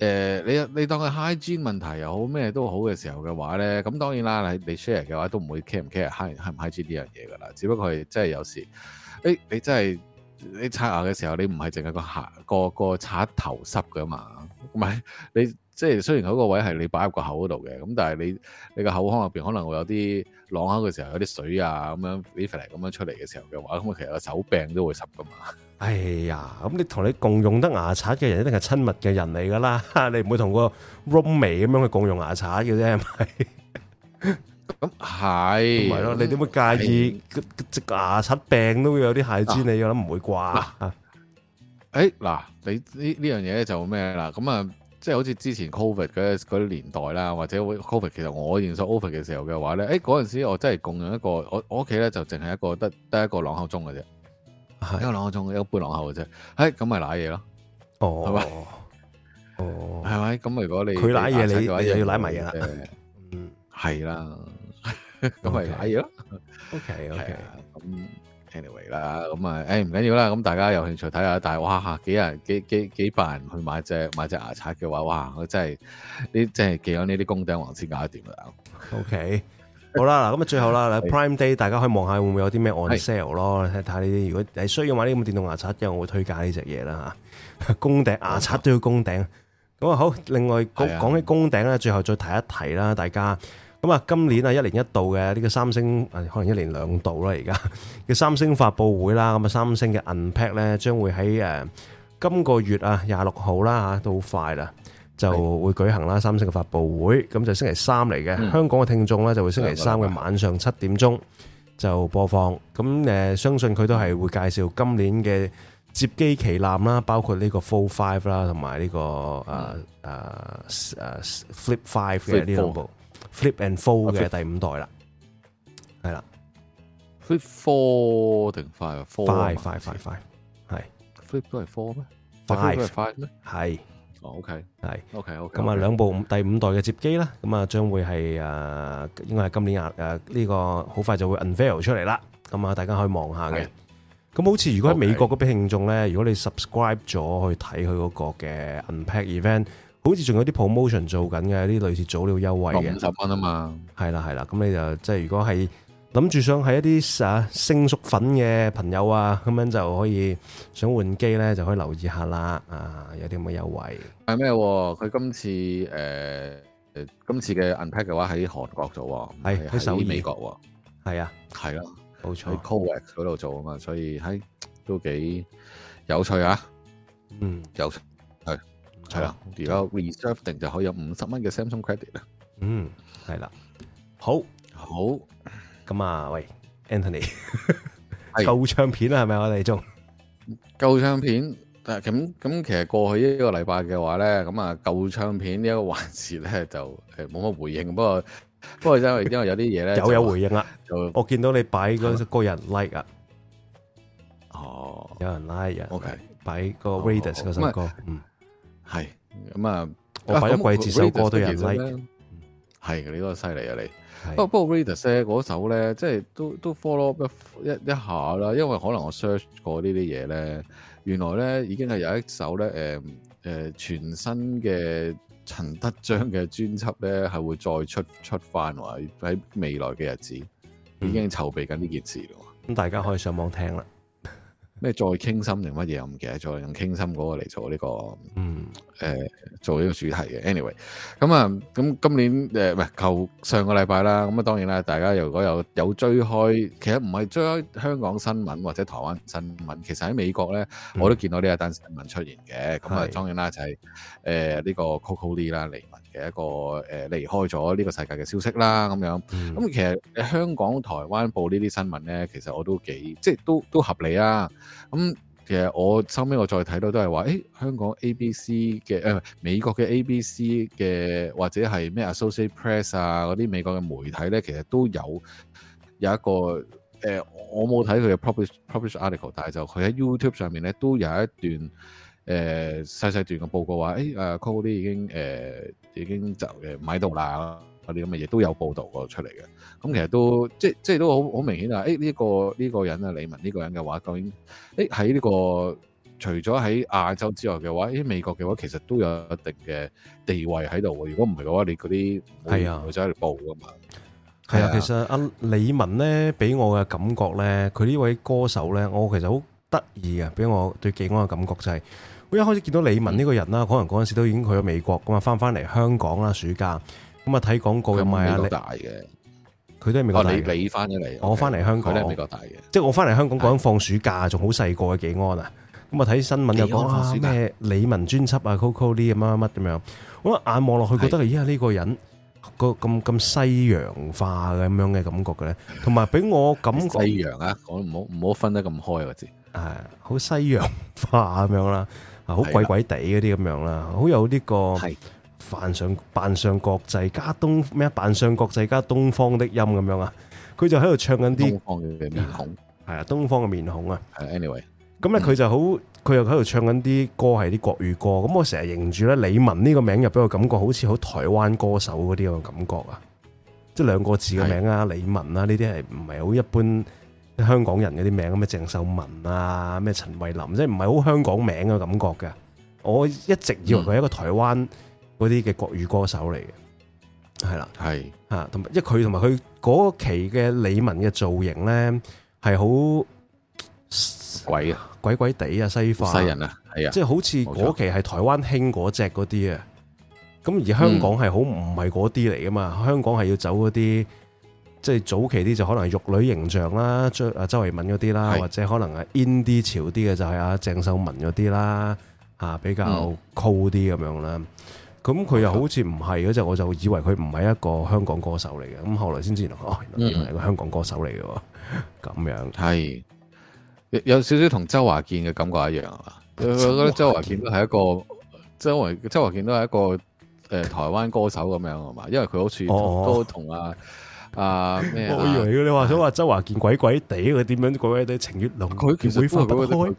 誒、呃、你你當佢 hygiene 問題又好咩都好嘅時候嘅話咧，咁當然啦，你 share 嘅話都唔會 care 唔 care hygiene Yeah . hygiene 呢樣嘢噶啦。只不過係真係有時，誒、欸、你真係你刷牙嘅時候，你唔係淨係個牙個個刷頭濕噶嘛，唔係你即係雖然嗰個位係你擺入個口嗰度嘅，咁但係你你個口腔入邊可能會有啲漱口嘅時候有啲水啊咁樣 lift 嚟咁樣出嚟嘅時候嘅話，咁其實個手柄都會濕噶嘛。哎呀，咁你同你共用得牙刷嘅人一定係親密嘅人嚟㗎啦，你唔會同個 roommate 咁樣去共用牙刷嘅啫，係咪？咁係，係咯？你點會介意隻牙刷病都會有啲細菌？你我諗唔會啩？誒，嗱，你呢呢樣嘢就咩啦？咁啊，即係好似之前 covid 嗰嗰啲年代啦，或者 covid 其實我認識 covid 嘅時候嘅話咧，誒，嗰陣時我真係共用一個，我我屋企咧就淨係一個得得一個朗口鐘嘅啫。一個兩個鐘，一個半兩口嘅啫，係咁咪瀨嘢咯，係咪？係咪？咁如果你佢瀨嘢，你嘅話你又要瀨埋嘢啦，嗯 okay, <laughs> 係 okay, okay,、啊、啦，咁咪瀨嘢咯。OK，OK，咁 anyway 啦，咁啊，誒唔緊要啦，咁大家有興趣睇下，但係哇，幾人幾幾幾百人去買隻買隻牙刷嘅話，哇，我真係呢真係寄咗呢啲工頂王先搞得掂啦。OK。好啦，嗱咁啊，最後啦，嗱的 Prime Day 大家可以望下會唔會有啲咩 on sale 咯的，睇睇呢啲。如果你需要買呢咁電動牙刷因為，我會推介呢隻嘢啦吓。工頂牙刷都要工頂，咁啊好。另外講的起工頂咧，最後再提一提啦，大家。咁、嗯、啊，今年啊，一年一度嘅呢、這個三星可能一年兩度啦，而家嘅三星發布會啦，咁啊，三星嘅 Unpack 咧，將會喺誒、呃、今個月啊廿六號啦吓、啊，都好快啦。就會舉行啦，三星嘅發布會，咁就星期三嚟嘅。嗯、香港嘅聽眾呢，就會星期三嘅晚上七點鐘就播放。咁誒、呃，相信佢都係會介紹今年嘅折機旗艦啦，包括呢個 Fold Five 啦，同埋呢個誒誒誒 Flip Five 嘅呢個 Flip and Fold 嘅第五代啦，係啦、uh,，Flip Four 定快個 Four Five Five Five Five 係 Flip 都係 Four 咩？Five Five 係咩？係。哦，OK，係，OK，OK。咁啊，兩部第五代嘅折機咧，咁啊，將會係誒，應該係今年啊，誒呢個好快就會 unveil 出嚟啦。咁啊，大家可以望下嘅。咁好似如果喺美國嗰邊聽眾咧，如果你 subscribe 咗去睇佢嗰個嘅 unpack event，好似仲有啲 promotion 做緊嘅，有啲類似早鳥優惠嘅。五十蚊啊嘛，係啦係啦，咁你就即係如果係。諗住想係一啲啊升縮粉嘅朋友啊，咁樣就可以想換機咧，就可以留意一下啦。啊，有啲咁嘅優惠係咩？佢、啊、今次誒誒、呃、今次嘅 unpack 嘅話喺韓國做、啊，係喺美國喎？係啊，係啊，好、啊啊、冇錯喺 Coex 嗰度做啊嘛，所以喺、哎、都幾有趣啊。嗯，有趣係係啊，而家 reserve 定就可以有五十蚊嘅 Samsung credit、嗯、啊。嗯，係啦，好好。好咁啊，喂，Anthony，舊唱片啊，係咪我哋中舊唱片？但咁咁，其實過去一個禮拜嘅話咧，咁啊舊唱片呢一個環節咧就誒冇乜回應。不過不過，因為因為有啲嘢咧，有有回應啦。我見到你擺嗰首歌人 like 啊，哦，有人 like 啊。OK 擺個 radius 嗰首歌，嗯，係咁啊，我擺咗季節首歌都有 like，係你都犀利啊你。不是不過，過 Readers 嗰首咧，即係都都 follow up 一一一下啦，因為可能我 search 過呢啲嘢咧，原來咧已經係有一首咧，誒、呃、誒、呃、全新嘅陳德章嘅專輯咧係會再出出返喎，喺未來嘅日子已經籌備緊呢件事咯，咁、嗯、是大家可以上網聽啦。咩再傾心定乜嘢我唔記得再用傾心嗰個嚟做呢、這個嗯。誒、呃，做呢個主題嘅，anyway，咁、嗯、啊，咁、嗯、今年誒，唔係舊上個禮拜啦，咁、嗯、啊，當然啦，大家如果有有追開，其實唔係追開香港新聞或者台灣新聞，其實喺美國咧，嗯、我都見到呢一單新聞出現嘅，咁、嗯、啊，當然啦，就係誒呢個 Coco Lee 啦，李玟嘅一個誒離開咗呢個世界嘅消息啦，咁樣，咁、嗯嗯、其實香港、台灣報呢啲新聞咧，其實我都幾，即係都都合理啊，咁、嗯。其實我收尾我再睇到都係話，誒香港 ABC 嘅，誒、呃、美國嘅 ABC 嘅或者係咩 Associated Press 啊，嗰啲美國嘅媒體咧，其實都有有一個，誒、呃、我冇睇佢嘅 publish publish article，但係就佢喺 YouTube 上面咧都有一段，誒細細段嘅報告話，誒啊 CoCo 已經誒、呃、已經就誒唔喺度啦。你咁嘅嘢都有報道過出嚟嘅，咁其實都即係即係都好好明顯啊！誒、欸，呢、呢個呢、呢個人啊，李玟呢個人嘅話，究竟誒喺呢個除咗喺亞洲之外嘅話，喺、欸、美國嘅話，其實都有一定嘅地位喺度。如果唔係嘅話，你嗰啲係啊女仔喺度報噶嘛？係啊，啊，啊，其實阿李玟咧俾我嘅感覺咧，佢呢位歌手咧，我其實好得意啊，俾我對紀安嘅感覺就係、是，我一開始見到李玟呢個人啦，嗯、可能嗰陣時都已經去咗美國咁啊，翻翻嚟香港啦，暑假。咁啊，睇廣告嘅，唔係壓力大嘅，佢都係美國大嘅。李李翻咗嚟，我翻嚟香港，佢都係美國大嘅。即係我翻嚟香港嗰陣放暑假，仲好細個嘅幾安啊。咁啊，睇新聞又講啊咩李玟專輯啊，Coco 啲咁乜乜咁樣。我眼望落去，覺得啊，咦啊，呢個人個咁咁西洋化嘅咁樣嘅感覺嘅咧，同埋俾我感覺西洋啊，講唔好唔好分得咁開個字。係好西洋化咁樣啦，好鬼鬼地嗰啲咁樣啦，好有呢個係。扮上扮上國際加東咩啊？扮上國際加東方的音咁樣啊！佢就喺度唱緊啲嘅面孔，係啊，東方嘅面孔啊。係 anyway，咁咧佢就好，佢又喺度唱緊啲歌，係啲國語歌。咁我成日認住咧，李玟呢個名又俾我感覺好似好台灣歌手嗰啲嘅感覺啊！即係兩個字嘅名啊，李玟啦，呢啲係唔係好一般香港人嗰啲名？咩鄭秀文啊，咩陳慧琳，即係唔係好香港名嘅感覺嘅？我一直以為佢係一個台灣。嗰啲嘅國語歌手嚟嘅，係啦，係啊是，同埋，即佢同埋佢嗰期嘅李玟嘅造型咧，係好鬼啊，鬼鬼地啊，西化、啊、西人啊，係啊，即係好似嗰期係台灣興嗰隻嗰啲啊。咁錯而香港係好唔係嗰啲嚟噶嘛？嗯、香港係要走嗰啲即係早期啲就可能係玉女形象啦，啊周慧敏嗰啲啦，是或者可能係 in 啲潮啲嘅就係啊鄭秀文嗰啲啦，嚇比較 cool 啲咁樣啦。咁佢又好似唔係嘅，就我就以為佢唔係一個香港歌手嚟嘅，咁後來先知道哦，原來係個香港歌手嚟嘅喎，咁樣係有少少同周華健嘅感覺一樣啊嘛，覺得周華健，健都係一個，周華周華健都係一個，呃，台灣歌手咁樣係嘛，因為佢好似都同啊。哦 Uh, 啊！ <laughs> 我以為你話想話周華健鬼鬼地佢點樣鬼鬼地？陳玉龍佢其實佢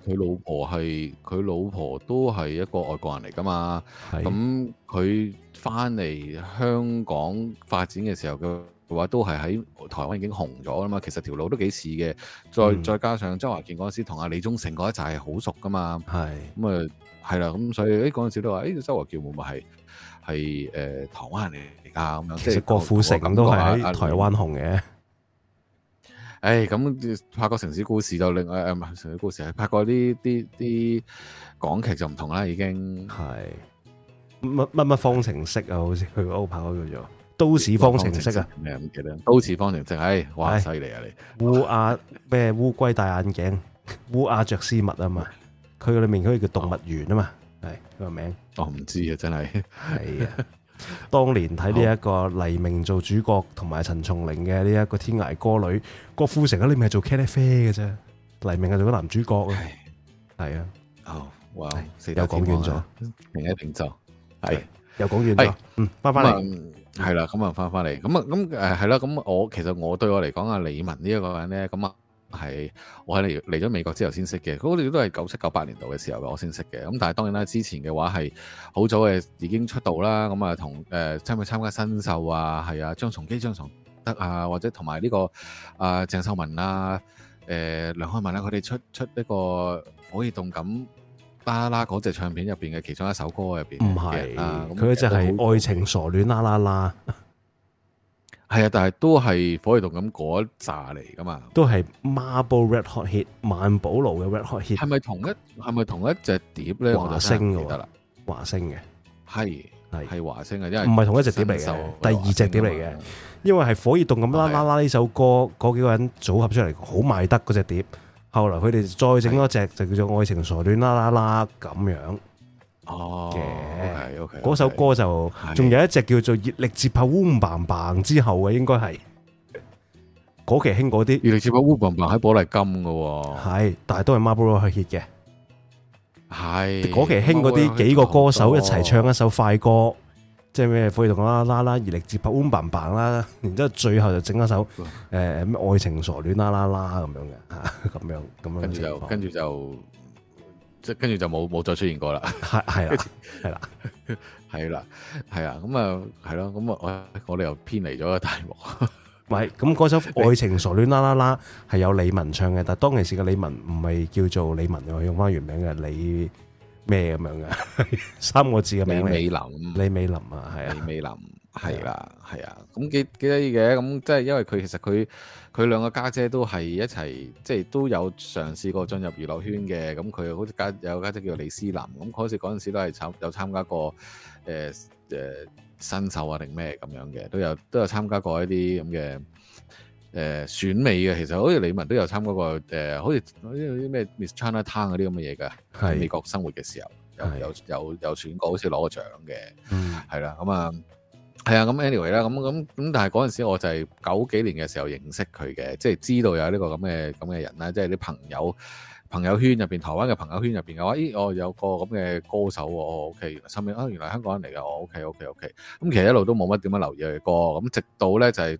佢老婆係佢老婆都係一個外國人嚟噶嘛？咁佢翻嚟香港發展嘅時候，佢話都係喺台灣已經紅咗啦嘛。其實條路都幾似嘅。再、嗯、再加上周華健嗰陣時同阿李宗盛嗰一陣係好熟噶嘛。係咁啊，係啦。咁所以嗰陣時都話：，呢、哎、周華健冇咪係。係誒、呃，台灣人嚟噶咁樣，其實郭富城咁都係喺台灣紅嘅、啊。誒、啊，咁、哎、拍過城市故事就另外誒，唔、哎、係城市故事，係拍過啲啲啲港劇就唔同啦，已經係乜乜乜方程式啊？好似佢歐跑嗰個叫做都市方程式啊？咩唔記得？都市方程式，唉、哎，哇，犀利、哎、啊你！你烏鴉咩烏龜戴眼鏡？烏鴉着絲襪啊嘛，佢裏面可以叫動物園啊嘛。係個名，我唔知啊，真係。係啊，當年睇呢一個黎明做主角，同埋陳松伶嘅呢一個《天涯歌女》，郭富城喺裏面係做茄哩啡嘅啫，黎明啊做咗男主角啊，係啊，哦，哇，又講遠咗，停一停就係又講遠咗，嗯，翻翻，係啦，咁啊，翻翻嚟，咁啊，咁誒，係啦，咁我其實我對我嚟講啊，李玟呢一個人咧咁啊。係，我喺嚟嚟咗美國之後先識嘅，嗰、那、啲、個、都係九七九八年度嘅時候，我先識嘅。咁但係當然啦，之前嘅話係好早嘅已經出道啦。咁啊，同誒參去參加新秀啊，係啊，張崇基、張崇德啊，或者同埋呢個啊、呃、鄭秀文、啊呃開文啊、啦、啦、誒梁漢文啦，佢哋出出呢個《火熱動感》啦啦啦嗰隻唱片入邊嘅其中一首歌入邊，唔係啊，佢是、嗯、就係愛情傻戀啦啦啦。 <laughs> 係啊，但係都係火熱動咁嗰一扎嚟噶嘛，都係 Marble Red Hot Hit 萬寶路嘅 Red Hot Hit 係咪同一？係咪同一隻碟咧？華星嘅得啦，華星嘅，係係華星嘅，因為唔係同一隻碟嚟嘅，第二隻碟嚟嘅，嗯、因為係火熱動咁啦啦啦呢首歌，嗰的幾個人組合出嚟好賣得嗰隻碟，後來佢哋再整多隻就叫做愛情傻戀啦啦啦咁樣。哦、oh，OK OK，嗰、okay, 首歌就仲有一隻叫做《熱力接拍 boom bang bang》之後嘅，應該係嗰期興嗰啲《熱力接拍 boom bang bang》喺寶麗金嘅、哦，係，但係都係 Marble 去 hit 嘅，係嗰是期興嗰啲幾個歌手一齊唱一首快歌，即係咩會同啦啦啦《熱力接拍 boom bang bang》啦，然之後最後就整一首誒、 <laughs> 呃、愛情傻戀啦啦啦咁樣嘅吓，咁樣咁樣，樣跟住就跟住就。即跟住就冇冇再出現過啦，係係啦，係啦，係啦，係啊，咁啊，係咯，咁啊，我哋又偏離咗個題目。係，咁嗰首《愛情傻戀啦啦啦》係有李玟唱嘅，但當其時嘅李玟唔係叫做李玟，用翻原名嘅李咩咁樣嘅三個字嘅美美林，李美林啊，係啊，李美林係啦，係啊，咁幾幾得意嘅，咁即係因為佢其實佢。佢兩個家姐，姐都係一齊，即係都有嘗試過進入娛樂圈嘅。咁佢好似家有個家姐，姐叫李思琳，咁嗰時嗰陣都係參有參加過誒誒、呃呃、新秀啊定咩咁樣嘅，都有都有參加過一啲咁嘅誒選美嘅。其實好似李玟都有參加過誒、呃，好似嗰啲咩 Miss China Town 嗰啲咁嘅嘢㗎。係是美國生活嘅時候，有是有有有選過，好似攞過獎嘅。嗯，係啦，咁啊。係啊，咁 anyway 啦，咁咁咁，但係嗰陣時我就係九幾年嘅時候認識佢嘅，即係知道有呢個咁嘅咁嘅人啦，即係啲朋友。朋友圈入面，台灣嘅朋友圈入面嘅話，咦，我、哦、有個咁嘅歌手喎，O K，原來啊、哦，原來香港人嚟嘅。我 O K O K O K，咁其實一路都冇乜點樣留意佢嘅歌，咁直到咧就係、是、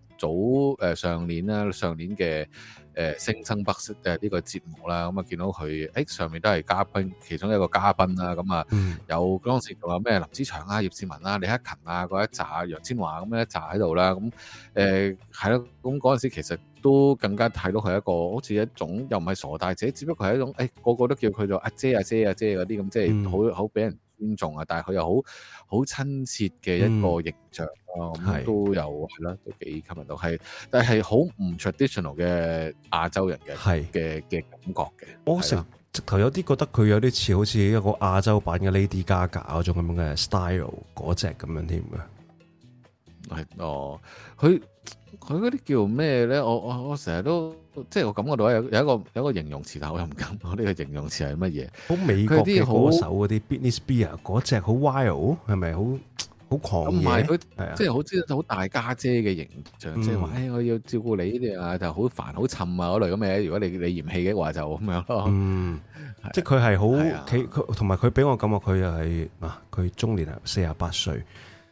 早上年啦，上年嘅誒、呃《聲生不息》嘅呢個節目啦，咁、嗯、啊見到佢，誒、欸、上面都係嘉賓，其中一個嘉賓啦，咁啊有當、嗯、時仲有咩林子祥啊、葉倩文啊、李克勤啊嗰一紮啊、楊千嬅咁、啊、一紮喺度啦，咁誒係咯，咁嗰陣時其實。都更加睇到佢一個好似一種又唔係傻大姐，只不過係一種誒、哎，個個都叫佢做阿姐阿姐阿姐嗰啲咁，即係好好俾人尊重啊！但係佢又好好親切嘅一個形象啊，咁、嗯、都有係啦，都幾吸引到，係但係好唔 traditional 嘅亞洲人嘅係嘅嘅感覺嘅。我成日直頭的有啲覺得佢有啲似好似一個亞洲版嘅 Lady Gaga 嗰種咁樣嘅 style 嗰隻咁樣添啊。係哦，佢。佢嗰啲叫咩咧？我我我成日都即係我感覺到有有一個有一個形容詞，但我又唔敢講呢個形容詞係乜嘢。好美國嘅歌手嗰啲，Britney Spears 嗰隻好 wild，係咪好好狂野？唔係、啊、即係好即好大家姐嘅形象，即係話誒，我要照顧你啲啊，就好、是、煩、好沉啊嗰類咁嘅。如果你你嫌棄嘅話就，就咁樣咯。即係佢係好佢佢，同埋佢俾我感覺佢又係啊，佢、啊、中年啊，四十八歲。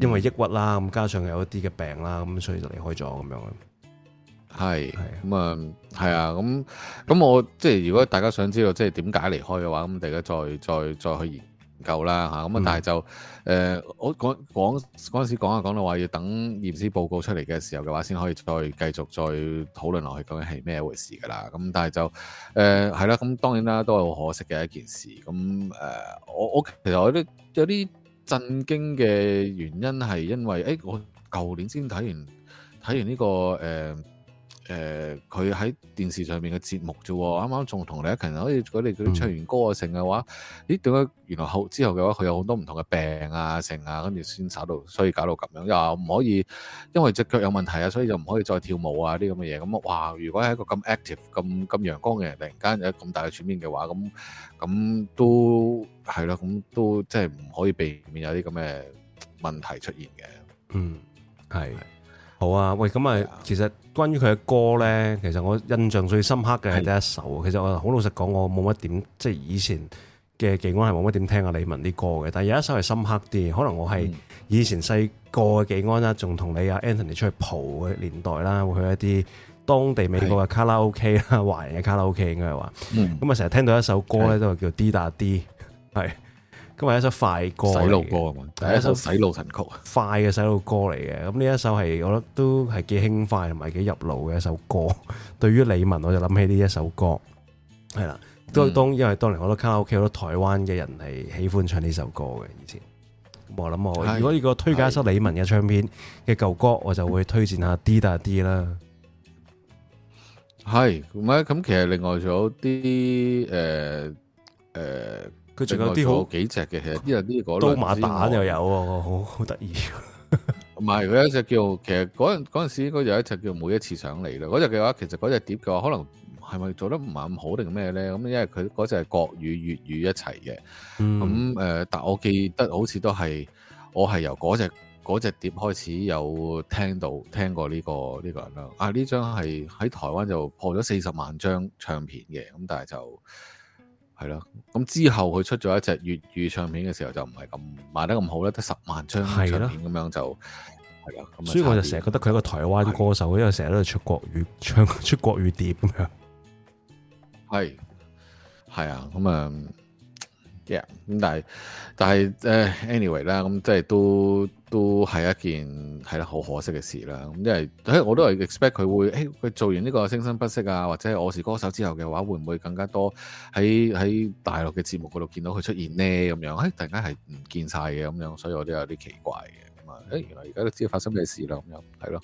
因為抑鬱啦，咁加上有一啲嘅病啦，咁所以就離開咗咁樣。係係咁啊，係啊，咁咁我即係如果大家想知道即係點解離開嘅話，咁大家再再再去研究啦嚇。咁啊，但係就誒、嗯呃，我講講嗰陣時講下講到話要等驗屍報告出嚟嘅時候嘅話，先可以再繼續再討論落去究竟係咩回事噶啦。咁但係就誒係啦。咁、呃啊、當然啦，都係好可惜嘅一件事。咁誒、呃，我我其實我都有啲。震驚嘅原因係因為，誒、欸、我舊年先睇完睇完呢個、呃誒，佢喺、呃、電視上面嘅節目啫喎，啱啱仲同李克勤好似佢哋佢啲唱完歌啊成嘅話，嗯、咦點解原來後之後嘅話佢有好多唔同嘅病啊成啊，跟住先走到所以搞到咁樣又唔可以，因為隻腳有問題啊，所以就唔可以再跳舞啊啲咁嘅嘢，咁啊、嗯、哇！如果係一個咁 active、咁咁陽光嘅人，突然間有咁大嘅轉變嘅話，咁咁都係咯，咁都即係唔可以避免有啲咁嘅問題出現嘅。嗯，係、嗯。好啊，喂，咁啊，其實關於佢嘅歌咧，其實我印象最深刻嘅係第一首。的其實我好老實講，我冇乜點即係以前嘅幾安係冇乜點聽阿李玟啲歌嘅。但係有一首係深刻啲，可能我係以前細個嘅幾安啦，仲同你阿 Anthony 出去蒲嘅年代啦，會去一啲當地美國嘅卡拉 OK 啦的，華人嘅卡拉 OK 應該係話。咁啊的，成日聽到一首歌咧，的都係叫 Di Da Di。咁係一首快歌，洗腦歌啊！第一首洗腦神曲，快嘅洗腦歌嚟嘅。咁呢一首係我覺得都係幾輕快同埋幾入腦嘅一首歌。對於李玟，我就諗起呢一首歌，係啦。當當，因為當年我覺得卡拉 OK，好多台灣嘅人係喜歡唱呢首歌嘅以前。我諗我如果呢個推介一首李玟嘅唱片嘅舊歌，我就會推薦下《滴答滴》啦。係，咁啊，咁其實另外仲有啲誒誒。佢仲有啲好幾隻嘅，其實呢隻呢個刀馬旦又有喎、啊，好好得意。唔係，佢 <laughs> 有一隻叫，其實嗰陣嗰陣時應該有一隻叫每一次上嚟嗰隻嘅話，其實嗰隻碟嘅話，可能係咪做得唔係咁好定咩咧？咁因為佢嗰隻係國語粵語一齊嘅。咁、嗯嗯、但我記得好似都係我係由嗰隻嗰隻碟開始有聽到聽過呢、呢個呢、呢個人啊，呢張係喺台灣就破咗四十萬張唱片嘅。咁但係就。係咯，咁之後佢出咗一隻粵語唱片嘅時候就唔係咁賣得咁好啦，得十萬張唱片咁樣就係啦。咁所以我就成日覺得佢係一個台灣歌手，的因為成日都喺出國語唱出國語碟咁樣。係係啊，咁啊嘅，咁、嗯 yeah，但係但係誒，anyway 啦，咁即係都都係一件。係啦，好可惜嘅事啦。咁因為誒，我都係 expect 佢會誒，佢做完呢個《聲生不息》啊，或者係《我是歌手》之後嘅話，會唔會更加多喺喺大陸嘅節目嗰度見到佢出現咧？咁樣誒，突然間係唔見晒嘅咁樣，所以我都有啲奇怪嘅。咁啊，誒，原來而家都知發生咩事啦。咁樣係咯，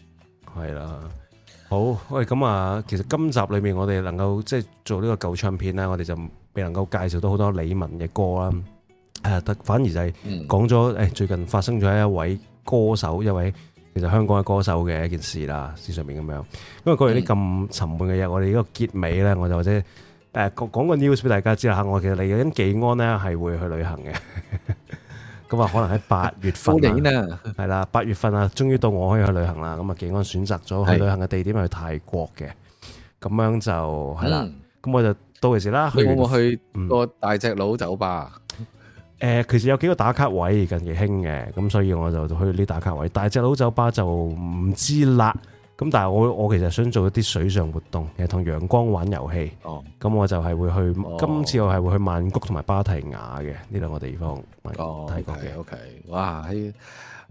係啦。好，喂，咁啊，其實今集裏面我哋能夠即係做呢個舊唱片啦，我哋就未能夠介紹到好多李玟嘅歌啦。誒，得反而就係講咗誒，最近發生咗一位。歌手一位，其實香港嘅歌手嘅一件事啦，事上面咁樣。因為過去啲咁沉悶嘅嘢，我哋呢個結尾咧，我就或者誒講講個 news 俾大家知啦。我其實嚟緊幾安咧係會去旅行嘅，咁啊可能喺八月份啊，係啦，八月份啊，終於到我可以去旅行啦。咁啊幾安選擇咗去旅行嘅地點係泰國嘅，咁樣就係啦。咁我就到時啦，去我會去個大隻佬酒吧。誒其實有幾個打卡位近期興嘅，咁所以我就去呢啲打卡位。但係大隻佬酒吧就唔知啦。咁但係我我其實想做一啲水上活動，同陽光玩遊戲。哦，咁我就係會去。今次我係會去曼谷同埋芭提雅嘅呢兩個地方。哦，泰國嘅 OK，哇！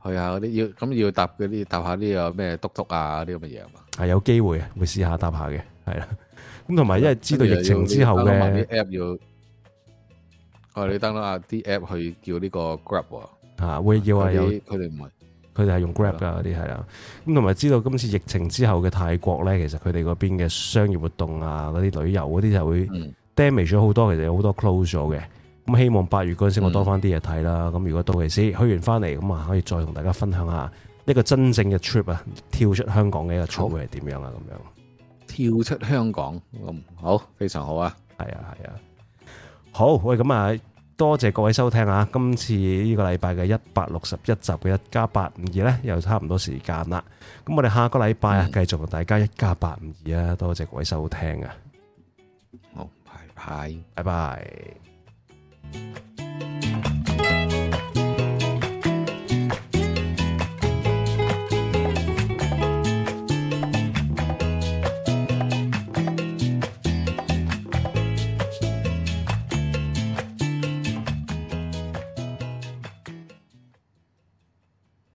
去下嗰啲要咁要搭嗰啲搭下啲啊咩篤篤啊啲咁嘅嘢係嘛？係有機會嘅，會試下搭下嘅，係啦。咁同埋因為知道疫情之後咧。啲 app 要。你登到啊啲 app 去叫呢個 Grab 喎，吓，會叫啊佢哋唔係，佢哋係用 Grab 噶嗰啲係啦。咁同埋知道今次疫情之後嘅泰國咧，其實佢哋嗰邊嘅商業活動啊，嗰啲旅遊嗰啲就會 damage 咗好多，嗯、其實有好多 close 咗嘅。咁希望八月嗰陣時我多翻啲嘢睇啦。咁、嗯、如果到期時去完翻嚟，咁啊可以再同大家分享一下呢個真正嘅 trip 啊，跳出香港嘅一個 trip 會係點樣啊？咁樣跳出香港咁好，非常好啊！係啊，係啊。好喂，咁啊，多謝各位收聽啊！今次呢個禮拜嘅一百六十一集嘅一家八五二呢，又差唔多時間啦。咁我哋下個禮拜啊，繼續同大家一家八五二啊！52, 多謝各位收聽啊！好、嗯，拜拜，拜拜。